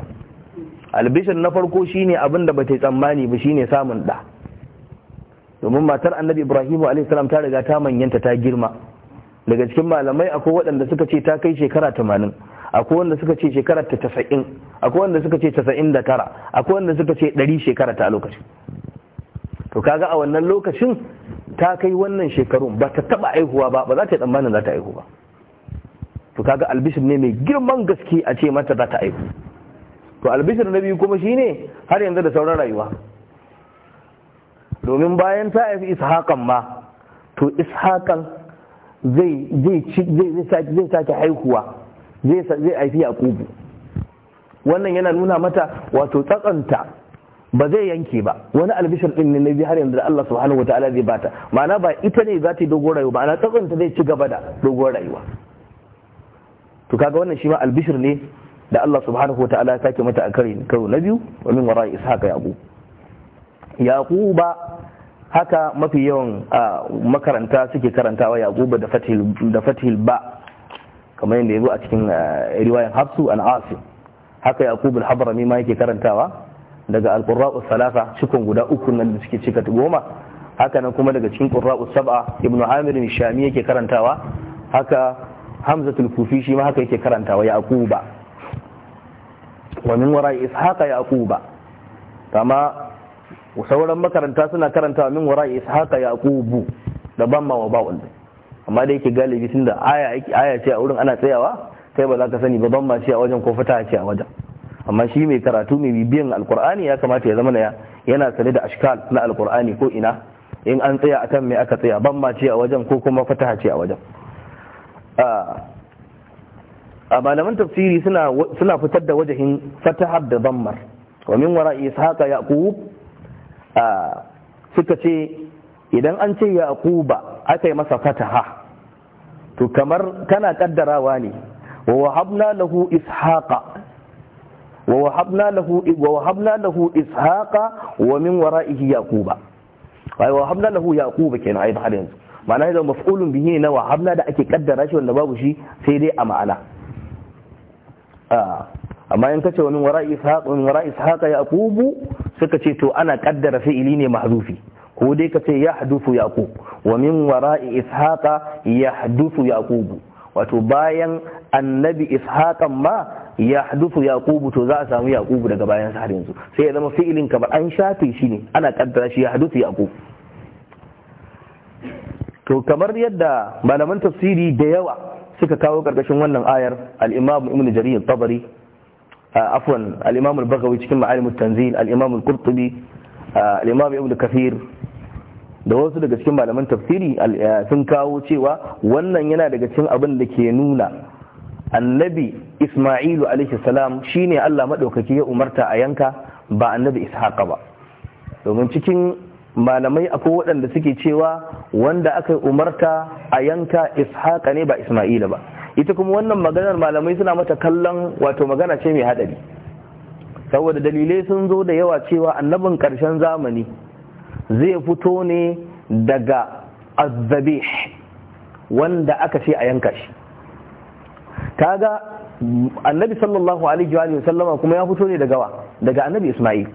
albishir na farko shine abin da bata yi tsammani ba shine samun da domin matar annabi ibrahimu alaihi ta riga ta manyanta ta girma daga cikin malamai akwai waɗanda suka ce ta kai shekara tamanin akwai wanda suka ce shekara ta tasa'in akwai wanda suka ce tasa'in da tara akwai wanda suka ce ɗari shekara ta lokaci. lokacin to kaga a wannan lokacin ta kai wannan shekarun ba ta taɓa aihuwa ba ba za ta yi tsammanin za ta aihu ba to kaga albishir ne mai girman gaske a ce mata za ta aihu to albishir na biyu kuma shine har yanzu da sauran rayuwa domin bayan ta haifi ishaƙan ma to ishaƙan zai sake haihuwa zai haifi Kubu. wannan yana nuna mata wato tsatsanta ba zai yanke ba wani albishir din ne nabi har yanzu da Allah subhanahu wataala zai bata ma'ana ba ita ne za ta yi dogon rayuwa ma'ana tsatsanta zai ci gaba da dogon rayuwa to kaga wannan shi ma albishir ne da Allah subhanahu wa ta'ala sake mata a kare karo na biyu wa min wara ishaqa yaqub yaquba haka mafi yawan makaranta suke karantawa yaquba da fathil da fathil ba kamar yadda yazo a cikin riwayan hafsu an asim haka yaqub al-habrami ma yake karantawa daga al-qurra'u salasa cikon guda uku nan da suke cika goma haka nan kuma daga cikin qurra'u sab'a ibnu amir shami yake karantawa haka hamzatul kufi shi ma haka yake karantawa yaquba wa min wara ishaqa ba kama sauran makaranta suna karanta min wara إسحاق yaqubu da ban ma amma da yake galibi tunda aya aya ce a wurin ana tsayawa kai ba za ka sani ba ma ce a wajen ko fata ce a wajen amma shi mai karatu mai bibiyan alqur'ani ya kamata ya zama na yana sane da ashkal na alqur'ani ko ina in an tsaya akan mai aka tsaya ban ma ce a wajen ko kuma fata ce a wajen ah, a malaman tafsiri suna fitar da wajahin fatahar da dammar wa min wara ishaqa yaqub a suka ce idan an ce yaquba aka yi masa fataha to kamar kana kaddarawa ne wa wahabna lahu ishaqa wa wahabna lahu wa wahabna wa min wara'ihi yaquba wa wahabna lahu yaquba kenan ai har yanzu ma'ana da maf'ulun bihi na wahabna da ake kaddara shi wanda babu shi sai dai a ma'ana Ah, amma in kace wani wara ishaq wani wara suka ce to ana kaddara fi'ili ne mahzufi ko dai kace ya yaqub wa min wara'i ishaqa yahduthu yaqub wato bayan annabi ishaqan ma ya yahduthu yaqub to za a samu yaqub daga bayan sa har yanzu sai ya zama fi'ilin kamar an shafe shi ne ana ƙaddara shi ya yahduthu yaqub to kamar yadda malaman tafsiri da yawa suka kawo karkashin wannan ayar al-imam ibn jarir tabari afwan al-imam al-baghawi cikin ma'alim tanzil al-imam al-qurtubi al-imam ibn kathir da wasu daga cikin malaman tafsiri sun kawo cewa wannan yana daga cikin abin da ke nuna annabi isma'ilu alaihi salam shine Allah madaukaki ya umarta a yanka ba annabi ishaqa ba domin cikin malamai akwai waɗanda suke cewa wanda aka umarta a yanka ishaƙa ne ba isma'ila ba ita kuma wannan maganar malamai suna mata kallon wato magana ce mai haɗari saboda dalilai sun zo da yawa cewa annabin ƙarshen zamani zai fito ne daga azzabe wanda aka ce a yanka shi kaga annabi sallallahu alaihi wa sallama kuma ya fito ne daga wa daga annabi isma'il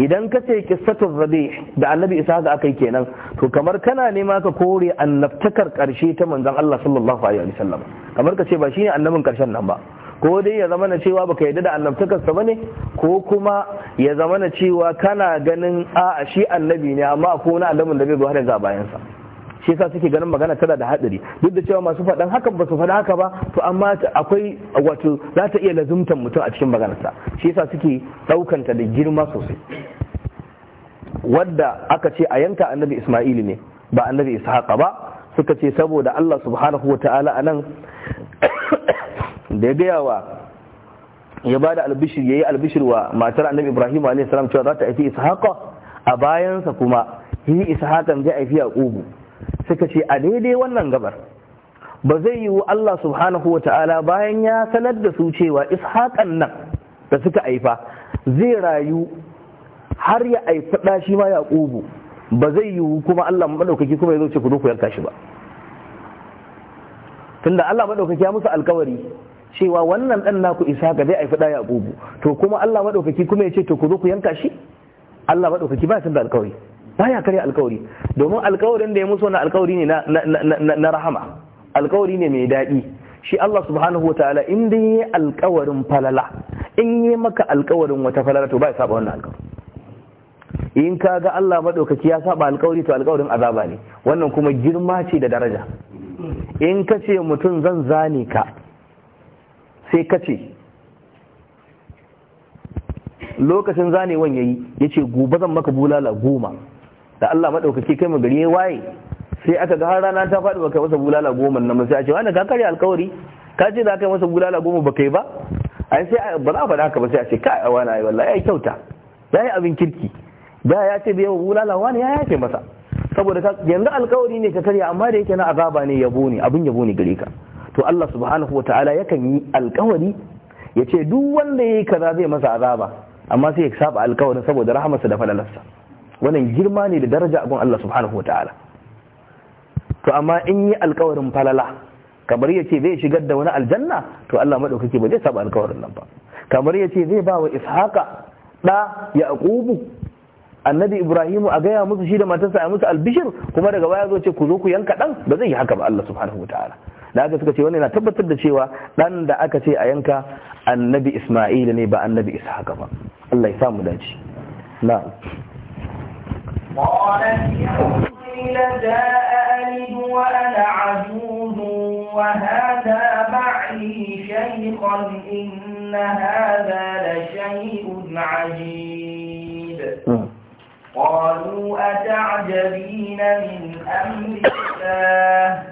idan ka ce qissatul rabi da annabi isa aka yi kenan to kamar kana nema ka kore annabtakar karshe ta manzon Allah sallallahu alaihi wasallam kamar ka ce ba shine annabin karshen nan ba ko dai ya zama na cewa baka yarda da annabtakar sa bane ko kuma ya zama na cewa kana ganin a shi annabi ne amma ko na annabin da bai zo har yanzu a bayansa shi yasa suke ganin magana tana da hadari duk da cewa masu faɗan hakan ba su faɗa haka ba to amma akwai wato za ta iya lazumtan mutum a cikin maganarsa shi yasa suke ɗaukanta da girma sosai wadda aka ce a yanka annabi Isma'il ne ba annabi Ishaqa ba suka ce saboda Allah subhanahu wa ta'ala anan da ya gaya ya ba da albishir ya yi albishir wa matar annabi Ibrahim alaihi salam cewa za ta haifi Ishaqa a bayansa kuma yi Ishaqan zai haifi Yaqubu suka ce a daidai wannan gabar ba zai yi wa Allah subhanahu wa ta'ala bayan ya sanar da su cewa Ishaqan nan da suka haifa zai rayu har ya aifi ɗa shi ma yaqubu ba zai yiwu kuma Allah maɗaukaki kuma ya zo ce ku ku yanka shi ba tunda Allah maɗaukaki ya musu alkawari cewa wannan dan naku isa ga zai aifi da yaqubu to kuma Allah maɗaukaki kuma ya ce to ku duku ku yanka shi Allah maɗaukaki ba tunda alkawari ya karya alkawari domin alkawarin da ya musu wannan alkawari ne na rahama alkawari ne mai daɗi shi Allah subhanahu wa ta'ala in dai alkawarin falala in yi maka alkawarin wata falala to ba ya saba wannan alkawari in ka ga Allah maɗaukaki ya saba alkawari to alkawarin azaba ne wannan kuma girma ce da daraja in ka ce mutum zan zane ka sai ka ce lokacin zanewan wani ya ce gobe zan maka bulala goma da Allah maɗaukaki kai gari ya waye sai aka ga har rana ta faɗi baka masa bulala goma nan sai a ce wani ka karya alkawari ka ce za ka yi masa bulala goma ba kai ba ai sai ba za a faɗa haka ba sai a ce kai a wani ai wallahi ai kyauta Ya yi abin kirki da ya ce bai wa bulala ya yafe masa saboda yanzu alkawari ne ka karya amma da yake na azaba ne yabo ne abin yabo ne gare ka to Allah subhanahu wa ta'ala yakan yi alkawari ya ce duk wanda ya yi kaza zai masa azaba amma sai ya saba alkawarin saboda rahamarsa da falalarsa wannan girma ne da daraja abin Allah subhanahu wa ta'ala to amma in yi alkawarin falala kamar ya ce zai shigar da wani aljanna to Allah maɗaukaki ba zai saba alkawarin nan ba kamar ya ce zai ba wa ishaqa ɗa ya annabi ibrahimu a gaya musu shi da matarsa a musu albishir kuma daga baya zo ce ku zo ku yanka dan ba zai yi haka ba Allah subhanahu wataala da aka suka ce wannan yana tabbatar da cewa dan da aka ce a yanka annabi Isma'il ne ba annabi ishaqa ba Allah ya sa mu dace na'am قالت يومئذ هذا لشيء عجيب قالوا أتعجبين من أمر الله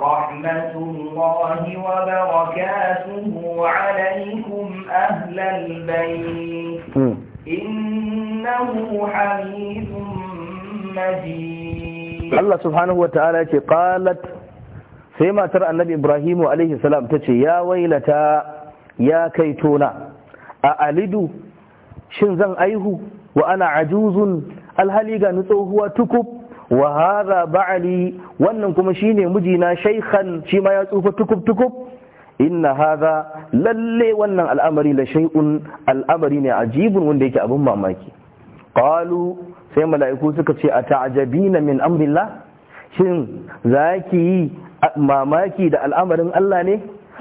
رحمة الله وبركاته عليكم أهل البيت إنه حميد مجيد الله سبحانه وتعالى قالت فيما ترى النبي إبراهيم عليه السلام تشي يا ويلتا يا كيتونا أألد شنزن أيه وأنا عجوز alhali ga na tsohuwa tukub wa hadha ba'ali wannan kuma shine mijina shaykhan shi ma ya tsufa tukub tukub inna hadha lalle wannan al'amari la shay'un al'amari ne ajibun wanda yake abin mamaki qalu sai mala'iku suka ce ata'jabina min amrillah shin zaki yi mamaki da al'amarin Allah ne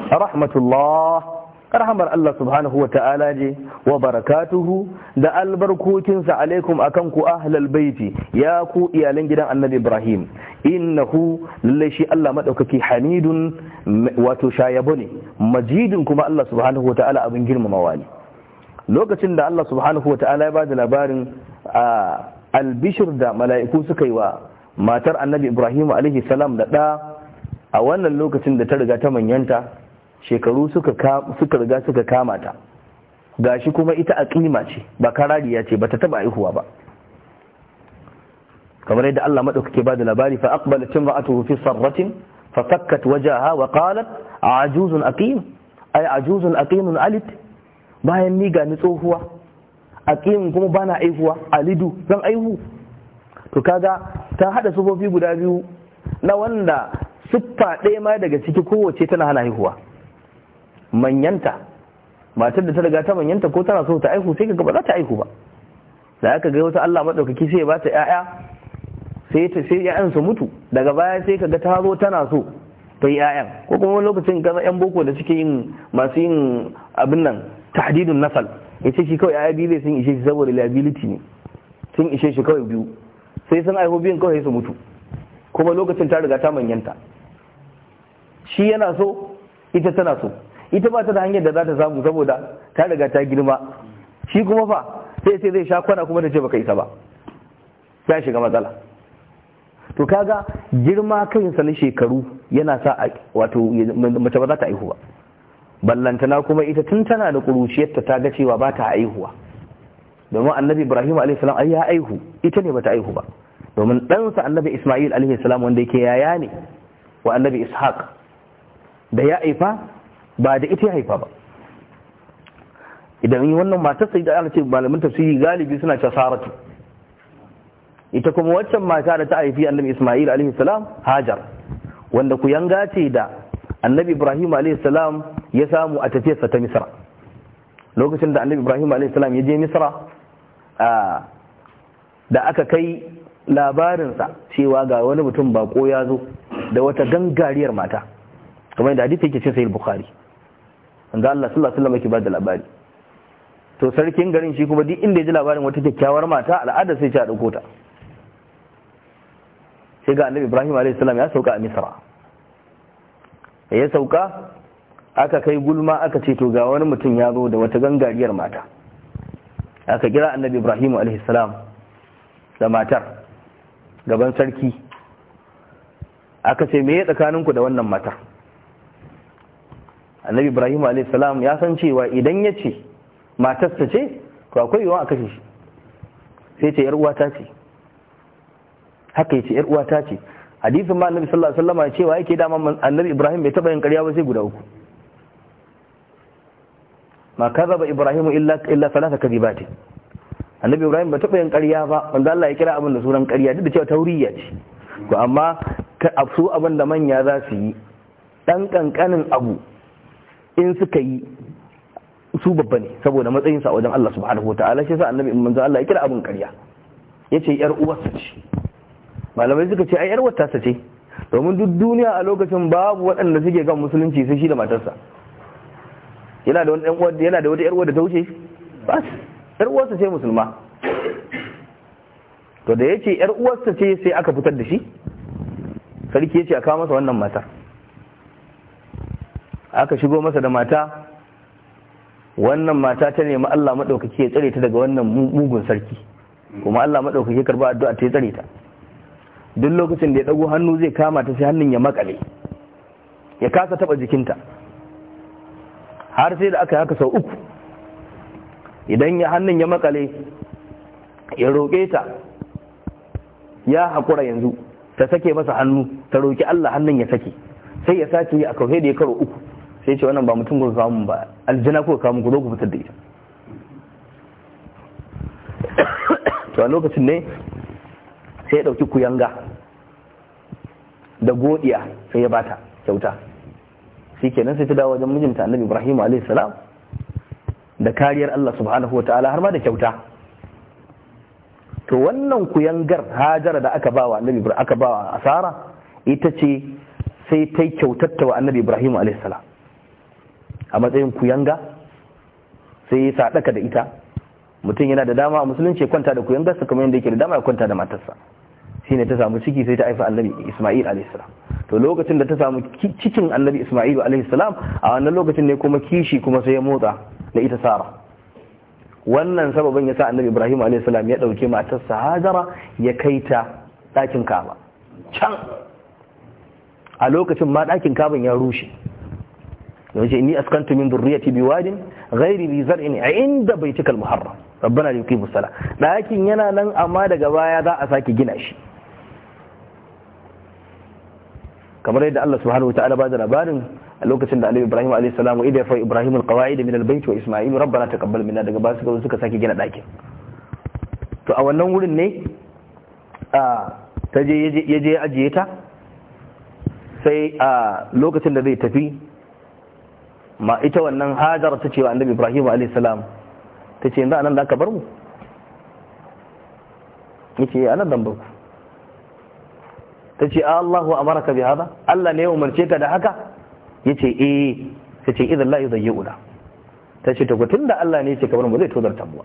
rahmatullah rahamar Allah subhanahu wa ta'ala je wa barakatuhu da albarkokinsa alaikum akan ku ahlal baiti ya ku iyalan gidan annabi Ibrahim innahu lallai shi Allah maɗaukaki hamidun wato shayabo ne majidin kuma Allah subhanahu wa ta'ala abin girmamawa ne lokacin da Allah subhanahu wa ta'ala ya bada labarin a albishir da mala'iku suka yi wa matar annabi Ibrahim alaihi salam da a wannan lokacin da ta riga ta manyanta shekaru suka riga suka kama ta gashi kuma ita a kima ce ba karariya ce ba ta taba aihuwa ba kamar yadda Allah madaukake ba da labari fa aqbalat imra'atuhu fi sarratin fa fakkat wajaha wa qalat ajuzun aqim ay ajuzun aqimun alit bayan ni ga ni tsohuwa aqim kuma bana aihuwa alidu zan aihu to kaga ta hada sufofi guda biyu na wanda siffa ɗaya ma daga ciki kowace tana hana haihuwa manyanta matar da ta riga ta manyanta ko tana so ta aihu sai kaga ba za ta aihu ba da aka ga wata Allah madaukaki sai ya ba ta ƴaƴa sai ta sai ƴaƴan su mutu daga baya sai kaga ta zo tana so ta yi ƴaƴan ko kuma wani lokacin ga ƴan boko da suke yin masu yin abin nan tahdidun nasal yace shi kawai ƴaƴa biyu sun ishe shi saboda liability ne sun ishe shi kawai biyu sai sun aihu biyun kawai su mutu kuma lokacin ta riga ta manyanta shi yana so ita tana so ita ba ta da hanyar da za ta samu saboda ta riga ta girma shi kuma fa sai sai zai sha kwana kuma da ce baka isa ba ya shiga matsala to kaga girma kansa na shekaru yana sa wato mace ba za ta aihuwa ballantana kuma ita tun tana da ƙuruciyarta ta ga cewa ba ta aihuwa domin annabi ibrahim alaihissalam ai ya aihu ita ne ba ta aihu ba domin ɗansa annabi isma'il alaihissalam wanda yake yaya ne wa annabi ishaq da ya aifa ba da ita ya haifa ba idan yi wannan matar sai da ana ce malamin tafsiri galibi suna ce saratu ita kuma waccan mata da ta haifi annabi isma'il alaihi salam hajar wanda ku yanga ce da annabi ibrahim alaihi salam ya samu a tafiyarsa ta misra lokacin da annabi ibrahim alaihi salam ya je misra da aka kai labarinsa cewa ga wani mutum bako ya zo da wata gangariyar mata kamar da hadisi yake cin sahih bukhari manzo Allah sallallahu alaihi wasallam ba da labari to sarkin garin shi kuma duk inda ya ji labarin wata kyakkyawar mata al'ada sai ya dauko ta sai ga annabi Ibrahim alaihi salam ya sauka a Misra ya sauka aka kai gulma aka ce to ga wani mutum ya zo da wata gangariyar mata aka kira annabi Ibrahim alaihi salam da matar gaban sarki aka ce me ya tsakaninku da wannan matar annabi ibrahim alayhi salam ya san cewa idan ya ce matarsa ce to akwai yawan a kashe shi sai ce yar uwata ce haka ce yar uwata ce hadisin ma annabi sallallahu alaihi wasallam cewa yake dama annabi ibrahim bai taba yin ƙarya ba sai guda uku ma kazaba ibrahim illa illa salasa kadibati annabi ibrahim ba taba yin ƙarya ba wanda Allah ya kira abin da sunan ƙarya duk da cewa tauriya ce Ko amma su abin da manya za su yi dan kankanin abu in suka yi su babba ne saboda matsayinsa a wajen Allah subhanahu wa ta'ala shi sa annabi manzo Allah ya kira abun ƙarya yace yar uwarsa ce malamai suka ce ai yar uwarta ce domin duk duniya a lokacin babu waɗanda suke kan musulunci sai shi da matarsa yana da wani yana da wata yar uwar da ta wuce bas yar uwarsa ce musulma to da yace yar uwarsa ce sai aka fitar da shi sarki yace a kawo masa wannan matar aka shigo masa da mata wannan mata ta nemi Allah maɗaukaki ya tsare ta daga wannan mugun sarki kuma Allah maɗaukaki karba addu'a ta ya tsare ta duk lokacin da ya dago hannu zai kama ta sai hannun ya makale ya kasa taɓa jikinta har sai da aka haka sau uku idan ya hannun ya makale ya roƙe ta ya haƙura yanzu ta sake masa hannu ta roƙi Allah hannun ya sake sai ya sake a kauhe da ya karo uku sai ce wannan ba mutum ku kawo ba aljina ku kawo ku zo ku fitar da ita to a lokacin ne sai ya dauki kuyanga da godiya sai ya bata kyauta kenan sai ta dawo wajen mijinta annabi Ibrahim alaihi salam da kariyar Allah subhanahu wa ta'ala har ma da kyauta to wannan kuyangar hajara da aka bawa annabi aka bawa asara ita ce sai ta kyautatta wa annabi Ibrahim alaihi salam a matsayin kuyanga sai ya sadaka da ita mutum yana da dama a musulunci kwanta da su kamar yadda yake da dama ya kwanta da matarsa ne ta samu ciki sai ta haifa annabi Isma'il alaihi to lokacin da ta samu cikin annabi Isma'il alaihi a wannan lokacin ne kuma kishi kuma sai ya motsa da ita Sara wannan sababin sa annabi Ibrahim alaihi ya dauke matarsa Hajara ya kai ta dakin kaba can a lokacin ma dakin kaban ya rushe yaje inni askantu min dhurriyyati biwadin ghairi bi zar'in 'inda baytikal muharram rabbana yuqimus sala dakin yana nan amma daga baya za a sake gina shi kamar yadda Allah subhanahu wa ta'ala ba da labarin a lokacin da Ali Ibrahim alayhi salam wa idfa Ibrahim alqawaid min albayt wa Isma'il rabbana taqabbal minna daga basu su suka sake gina dakin to a wannan wurin ne a ta je yaje ajiye ta sai a lokacin da zai tafi ma ita wannan hajar ta cewa annabi ibrahim a.s. ta ce yanzu anan da aka bar mu yace anan dan barku ta ce allahu ka bi haza allah ne ya umarce ka da haka Ya ce eh ta ce idan zai yi una ta ce to da allah ne ce ka bar mu zai tozar mu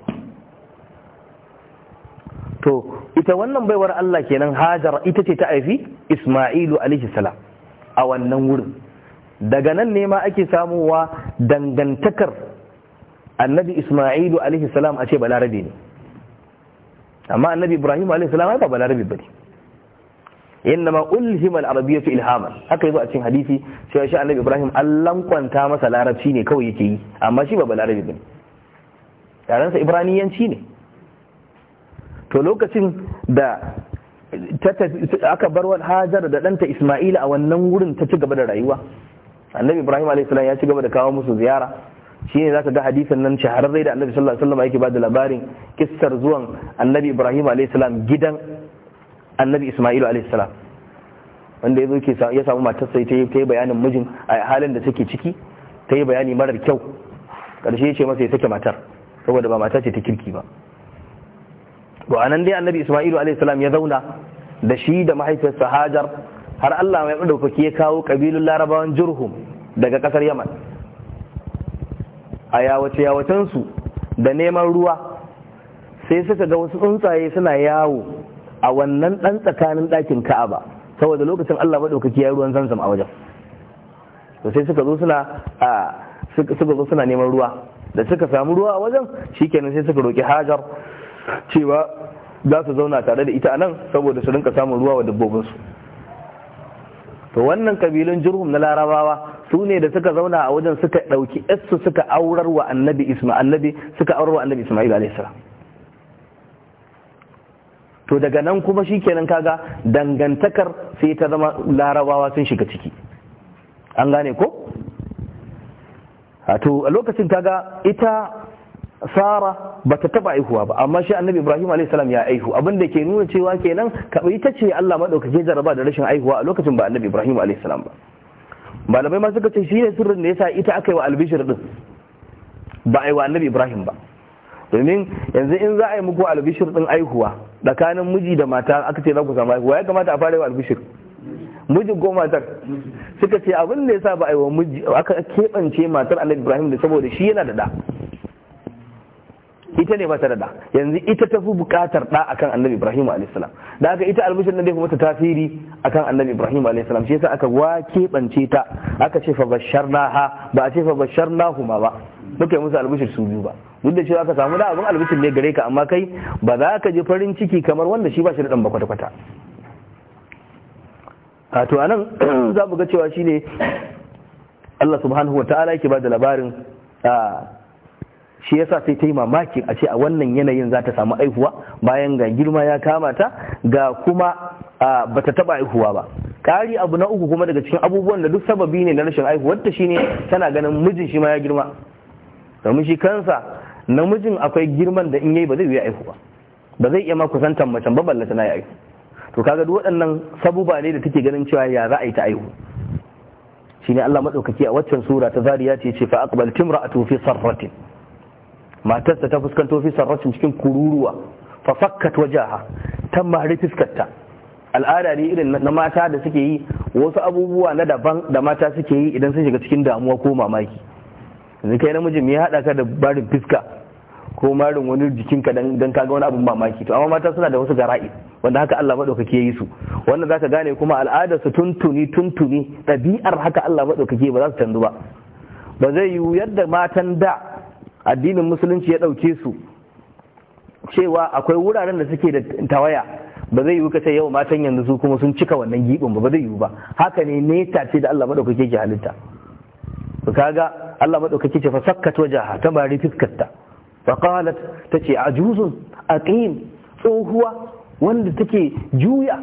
to ita wannan baiwar Allah kenan Hajar ita ce ta haifi Isma'ilu alaihi salam a wannan wurin daga nan ne ma ake samuwa dangantakar annabi isma'ilu alaihi salam a ce balarabe ne amma annabi ibrahim alaihi salam ba balarabe ba ne innama ulhima al fi ilhaman haka yazo a cikin hadisi cewa shi annabi ibrahim allan kwanta masa larabci ne kawai yake yi amma shi ba balarabe ne. yaran sa ibraniyanci ne to lokacin da aka bar hajar da danta isma'ila a wannan wurin ta ci gaba da rayuwa annabi ibrahim alayhi salam ya ci gaba da kawo musu ziyara shine zaka ga hadisin nan shahararrai da annabi sallallahu alaihi wasallam yake da labarin kissar zuwan annabi ibrahim alayhi salam gidan annabi isma'il alayhi salam wanda yazo ke ya samu matar sai ta yi bayanin mijin a halin da take ciki ta yi bayani marar kyau karshe ya ce masa ya sake matar saboda ba mata ce ta kirki ba to anan dai annabi Isma'il alayhi salam ya zauna da shi da mahaifiyarsa hajar har Allah mai ɗaukaki ya kawo ƙabilun larabawan jurhum daga ƙasar yaman a yawace yawacensu da neman ruwa sai suka ga wasu tsuntsaye suna yawo a wannan ɗan tsakanin ɗakin ka'aba saboda lokacin Allah maɗaukaki ya ruwan zamzam a wajen to sai suka zo suna neman ruwa da suka samu ruwa a wajen shikenan sai suka roki hajar cewa za su zauna tare da ita a nan saboda su rinka samun ruwa wa dabbobinsu to wannan kabilun jurhum na larabawa su ne da suka zauna a wajen suka ɗauki su suka aurar wa annabi isma'il suka aurar wa annabi isma'il alaihissalam to daga nan kuma shi kenan kaga dangantakar sai ta zama larabawa sun shiga ciki an gane ko a lokacin kaga ita sara ba ta taba aihuwa ba amma shi annabi ibrahim alayhi salam ya aihu abinda da ke nuna cewa kenan kaba ita ce Allah madaukake jaraba da rashin aihuwa a lokacin ba annabi ibrahim alayhi salam ba malamai ma suka ce shi ne sirrin da sa ita aka yi wa albishir din ba a yi wa annabi ibrahim ba domin yanzu in za a yi muku albishir din aihuwa tsakanin miji da mata aka ce za ku samu aihuwa ya kamata a fara yi wa albishir mijin ko matar suka ce abin da yasa ba a yi wa miji aka keɓance matar annabi ibrahim da saboda shi yana da da ita ne mata da yanzu ita tafi bukatar da akan annabi ibrahim alaihissalam da aka ita albishir na dai kuma ta tasiri akan annabi ibrahim alaihissalam shi yasa aka wake bance ta aka ce fa basharnaha ba a ce fa huma ba muka yi musu albishir su biyu ba duk da cewa aka samu da abin albishir ne gare ka amma kai ba za ka ji farin ciki kamar wanda shi ba shi da dan bakwata kwata kwata a to anan *clears throat* za mu ga cewa shine Allah subhanahu wa ta'ala yake ba da labarin ah, shi yasa sai ta yi mamaki a ce a wannan yanayin za ta samu aihuwa bayan ga girma ya kama ta ga kuma ba ta taba aihuwa ba Kari abu na uku kuma daga cikin abubuwan da duk sababi ne na rashin aihuwa ta shine tana ganin mijin shi ma ya girma domin shi kansa namijin akwai girman da in yayi ba zai yi aihuwa ba zai iya ma kusantar macen ba balla na ya aihu to kaga duk waɗannan sabuba ne da take ganin cewa ya za a yi ta aihu shine Allah madaukaki a waccan sura ta zariya ce ce fa aqbal timra'atu fi sarratin matarsa ta fuskanto fi sarracin cikin kururuwa fa fakkat wajaha ta mari fiskarta. al'ada ne irin na mata da suke yi wasu abubuwa na daban da mata suke yi idan sun shiga cikin damuwa ko mamaki yanzu kai namiji me ya hada ka da barin fiska ko marin wani jikinka dan kaga wani abun mamaki to amma mata suna da wasu gara'i wanda haka Allah madaukake yi su wannan zaka gane kuma al'ada su tuntuni tuntuni ɗabi'ar haka Allah madaukake ba za su canzu ba ba zai yiwu yadda matan da addinin musulunci ya ɗauke su cewa akwai wuraren da suke da tawaya ba zai yiwu kace yau matan yanzu su kuma sun cika wannan gibin ba ba zai yiwu ba haka ne neta ce da Allah madaukake ke halitta ka kaga Allah madaukake ce fa sakkat wajaha ta bari fiskarta fa qalat tace ajuzun aqim tsohuwa wanda take juya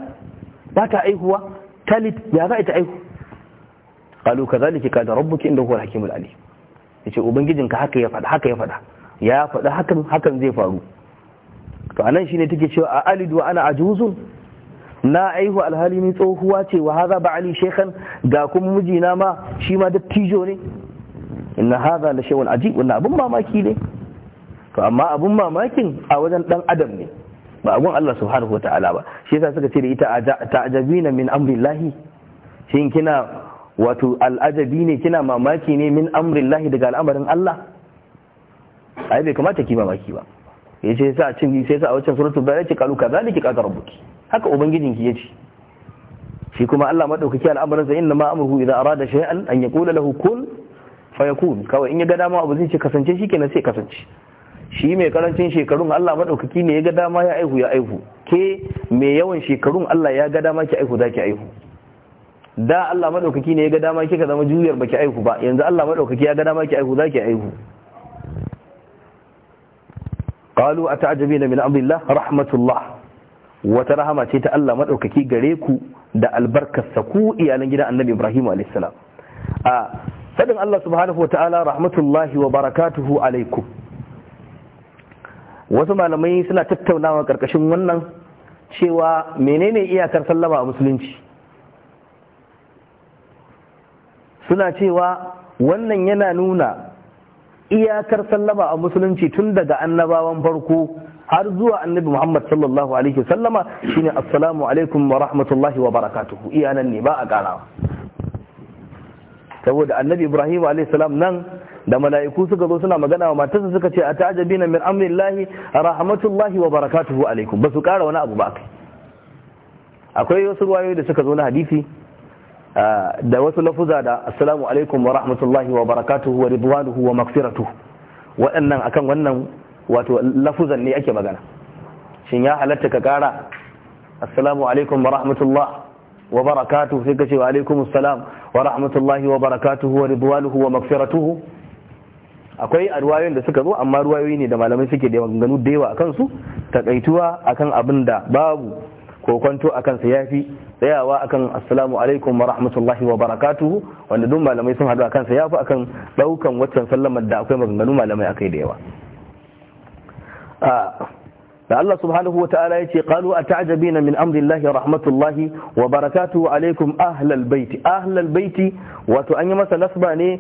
ba ta aihuwa talit ya za ta aihu qalu kadhalika qala rabbuki innahu al-hakimul alim yace ubangijinka haka ya faɗa haka ya faɗa ya faɗa hakan hakan zai faru to anan shine take cewa a alidu ana ajuzun na aihu alhali ni tsohuwa ce wa haza ba ali shekhan ga kuma mijina ma shi ma dattijo ne inna haza la shay'un ajib wannan abun mamaki ne to amma abun mamakin a wajen dan adam ne ba abun Allah subhanahu wataala ba shi yasa suka ce da ita ta'jabina min amrillahi shin kina wato al'ajabi ne kina mamaki ne min amrillahi daga al'amarin Allah ai bai kamata ki mamaki ba yace sai a cin sai sa a wancan suratul bayar ce kalu kazalika qala rabbuki haka ya yace shi kuma Allah madaukaki al'amarin sa inna ma amruhu idza arada shay'an an yaqula lahu kun fayakun kawai in ya ga dama abu zai ce kasance shikenan sai kasance shi mai karancin shekarun Allah madaukaki ne ya ga dama ya aihu ya aihu ke mai yawan shekarun Allah ya ga dama ki aihu zaki aihu da Allah madaukaki ne ya ga dama kika zama juriyar baki aihu ba yanzu Allah madaukaki ya ga dama ki aiku zaki aihu qalu ata'jabina min amrillah rahmatullah wata rahama ce ta Allah madaukaki gare ku da albarkarsa ku iyalan gidan Annabi Ibrahim alayhi salam a fadin Allah subhanahu wa ta'ala rahmatullahi wa barakatuhu alaykum wasu malamai suna tattaunawa karkashin wannan cewa menene iyakar sallama a musulunci suna cewa wannan yana nuna iyakar sallama a musulunci tun daga annabawan farko har zuwa annabi Muhammad sallallahu alaihi wasallama shine assalamu alaikum wa rahmatullahi wa barakatuhu nan ne ba a karawa saboda annabi Ibrahim alaihi salam nan da mala'iku suka zo suna magana wa matarsa suka ce a ata'ajabina min amrillahi rahmatullahi wa barakatuhu alaikum ba su kara wani abu ba akwai wasu ruwayoyi da suka zo na hadisi Ah, da wasu lafuza da assalamu alaikum wa rahmatullahi wa barakatuhu wa ridwanuhu wa maghfiratuhu waɗannan akan wannan wato lafuzan ne ake magana shin ya halatta ka kara assalamu alaikum wa rahmatullah wa barakatuhu sai ka ce wa alaikum assalam wa rahmatullahi wa barakatuhu wa ridwanuhu wa maghfiratuhu akwai arwayoyin da suka zo amma arwayoyi ne da malamai suke da ganganu da yawa akan su takaituwa akan abin da babu ko kwanto akan sa yafi tsayawa akan assalamu alaikum wa rahmatullahi wa barakatuhu wanda duk malamai sun haɗu akan sa yafi akan daukan waccan sallamar da akwai maganganu malamai akai da yawa da Allah subhanahu wa ta'ala ya ce qalu ata'jabina min amrillahi rahmatullahi wa barakatuhu alaikum ahlal baiti ahlal baiti wato an yi masa nasba ne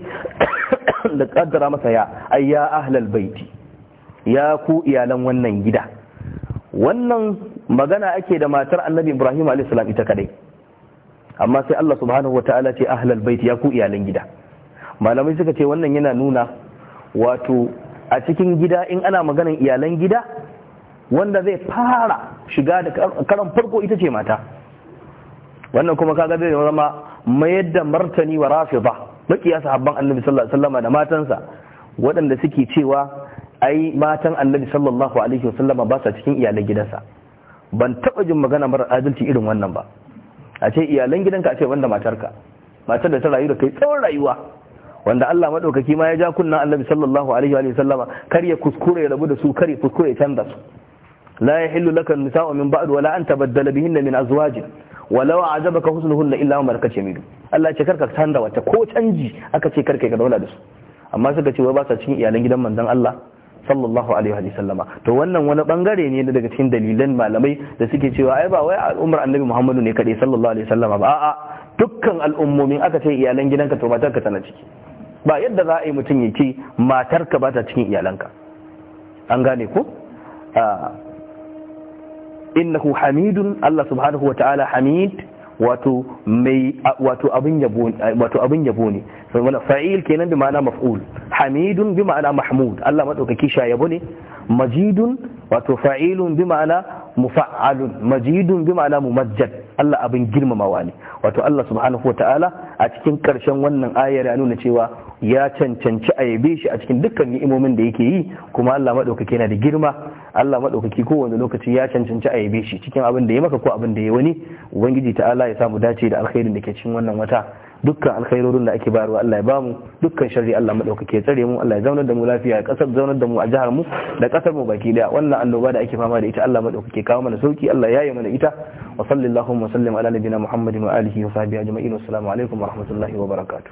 *coughs* da kaddara masa ya ayya ahlal baiti ya ku iyalan wannan gida wannan magana ake da matar annabi ibrahim alaihissalam ita kadai amma sai allah subhanahu wataala ce ahlal bait ya ku iyalan gida malamai suka ce wannan yana nuna wato a cikin gida in ana maganan iyalan gida wanda zai fara shiga da karan farko ita ce mata wannan kuma kaga zai zama mayar da martani wa rafida makiya sahabban annabi sallallahu alaihi da matansa waɗanda suke cewa ai matan annabi sallallahu alaihi wasallam ba sa cikin iyalan gidansa ban taba jin magana mara adalci irin wannan ba a ce iyalan gidanka a ce wanda matarka matar da ta rayu da kai tsawon rayuwa wanda Allah madaukaki ma ya ja kunna Annabi sallallahu alaihi wa sallama kar ya kuskure ya rabu da su kar ya kuskure ya canza su la yahillu laka nisa'u min ba'd wala an tabaddala bihinna min azwajin law ajabaka husnuhunna illa ma malakat min? Allah ya ce karka canza wata ko canji aka ce karka ka daula da su amma suka ce wai ba sa cikin iyalan gidan manzon Allah sallallahu alaihi wa sallama to wannan wani bangare ne daga cikin dalilan malamai da suke cewa ai ba wai al'ummar annabi muhammadu ne kadai sallallahu alaihi wa sallam. ba a'a dukkan al'ummomin aka ce iyalan gidanka to matarka tana ciki ba yadda za a yi mutum ya ce matarka ba ta cikin iyalanka an gane ko innahu hamidun Allah subhanahu wa ta'ala hamid wato abin yabo ne fa'il kenan bi ma'ana maf'ul hamidun bi ma'ana mahmud Allah madaukaki sha yabo ne majidun wato fa'ilun bi ma'ana mufa'alun majidun bi ma'ana mumajjad Allah abin girmamawa ne wato Allah subhanahu wata'ala a cikin karshen wannan ayar ya nuna cewa ya cancanci a yabe shi a cikin dukkan ni'imomin da yake yi kuma Allah madaukaki yana da girma Allah madaukaki kowane lokaci ya cancanci a yabe shi cikin abin da ya maka ko abin da ya wani ubangiji ta'ala ya samu dace da alkhairin da ke cikin wannan wata dukkan alkhairorin da ake bayarwa Allah ya bamu dukkan sharri Allah madaukake tsare mu Allah ya zaunar da mu lafiya ya zaunar da mu a jihar mu da ƙasar mu baki daya wannan annoba da ake fama da ita Allah madaukake kawo mana sauki Allah ya yi mana ita wa sallallahu wa sallam ala nabiyina Muhammadin wa alihi wa sahbihi ajma'in assalamu alaikum wa rahmatullahi wa barakatuh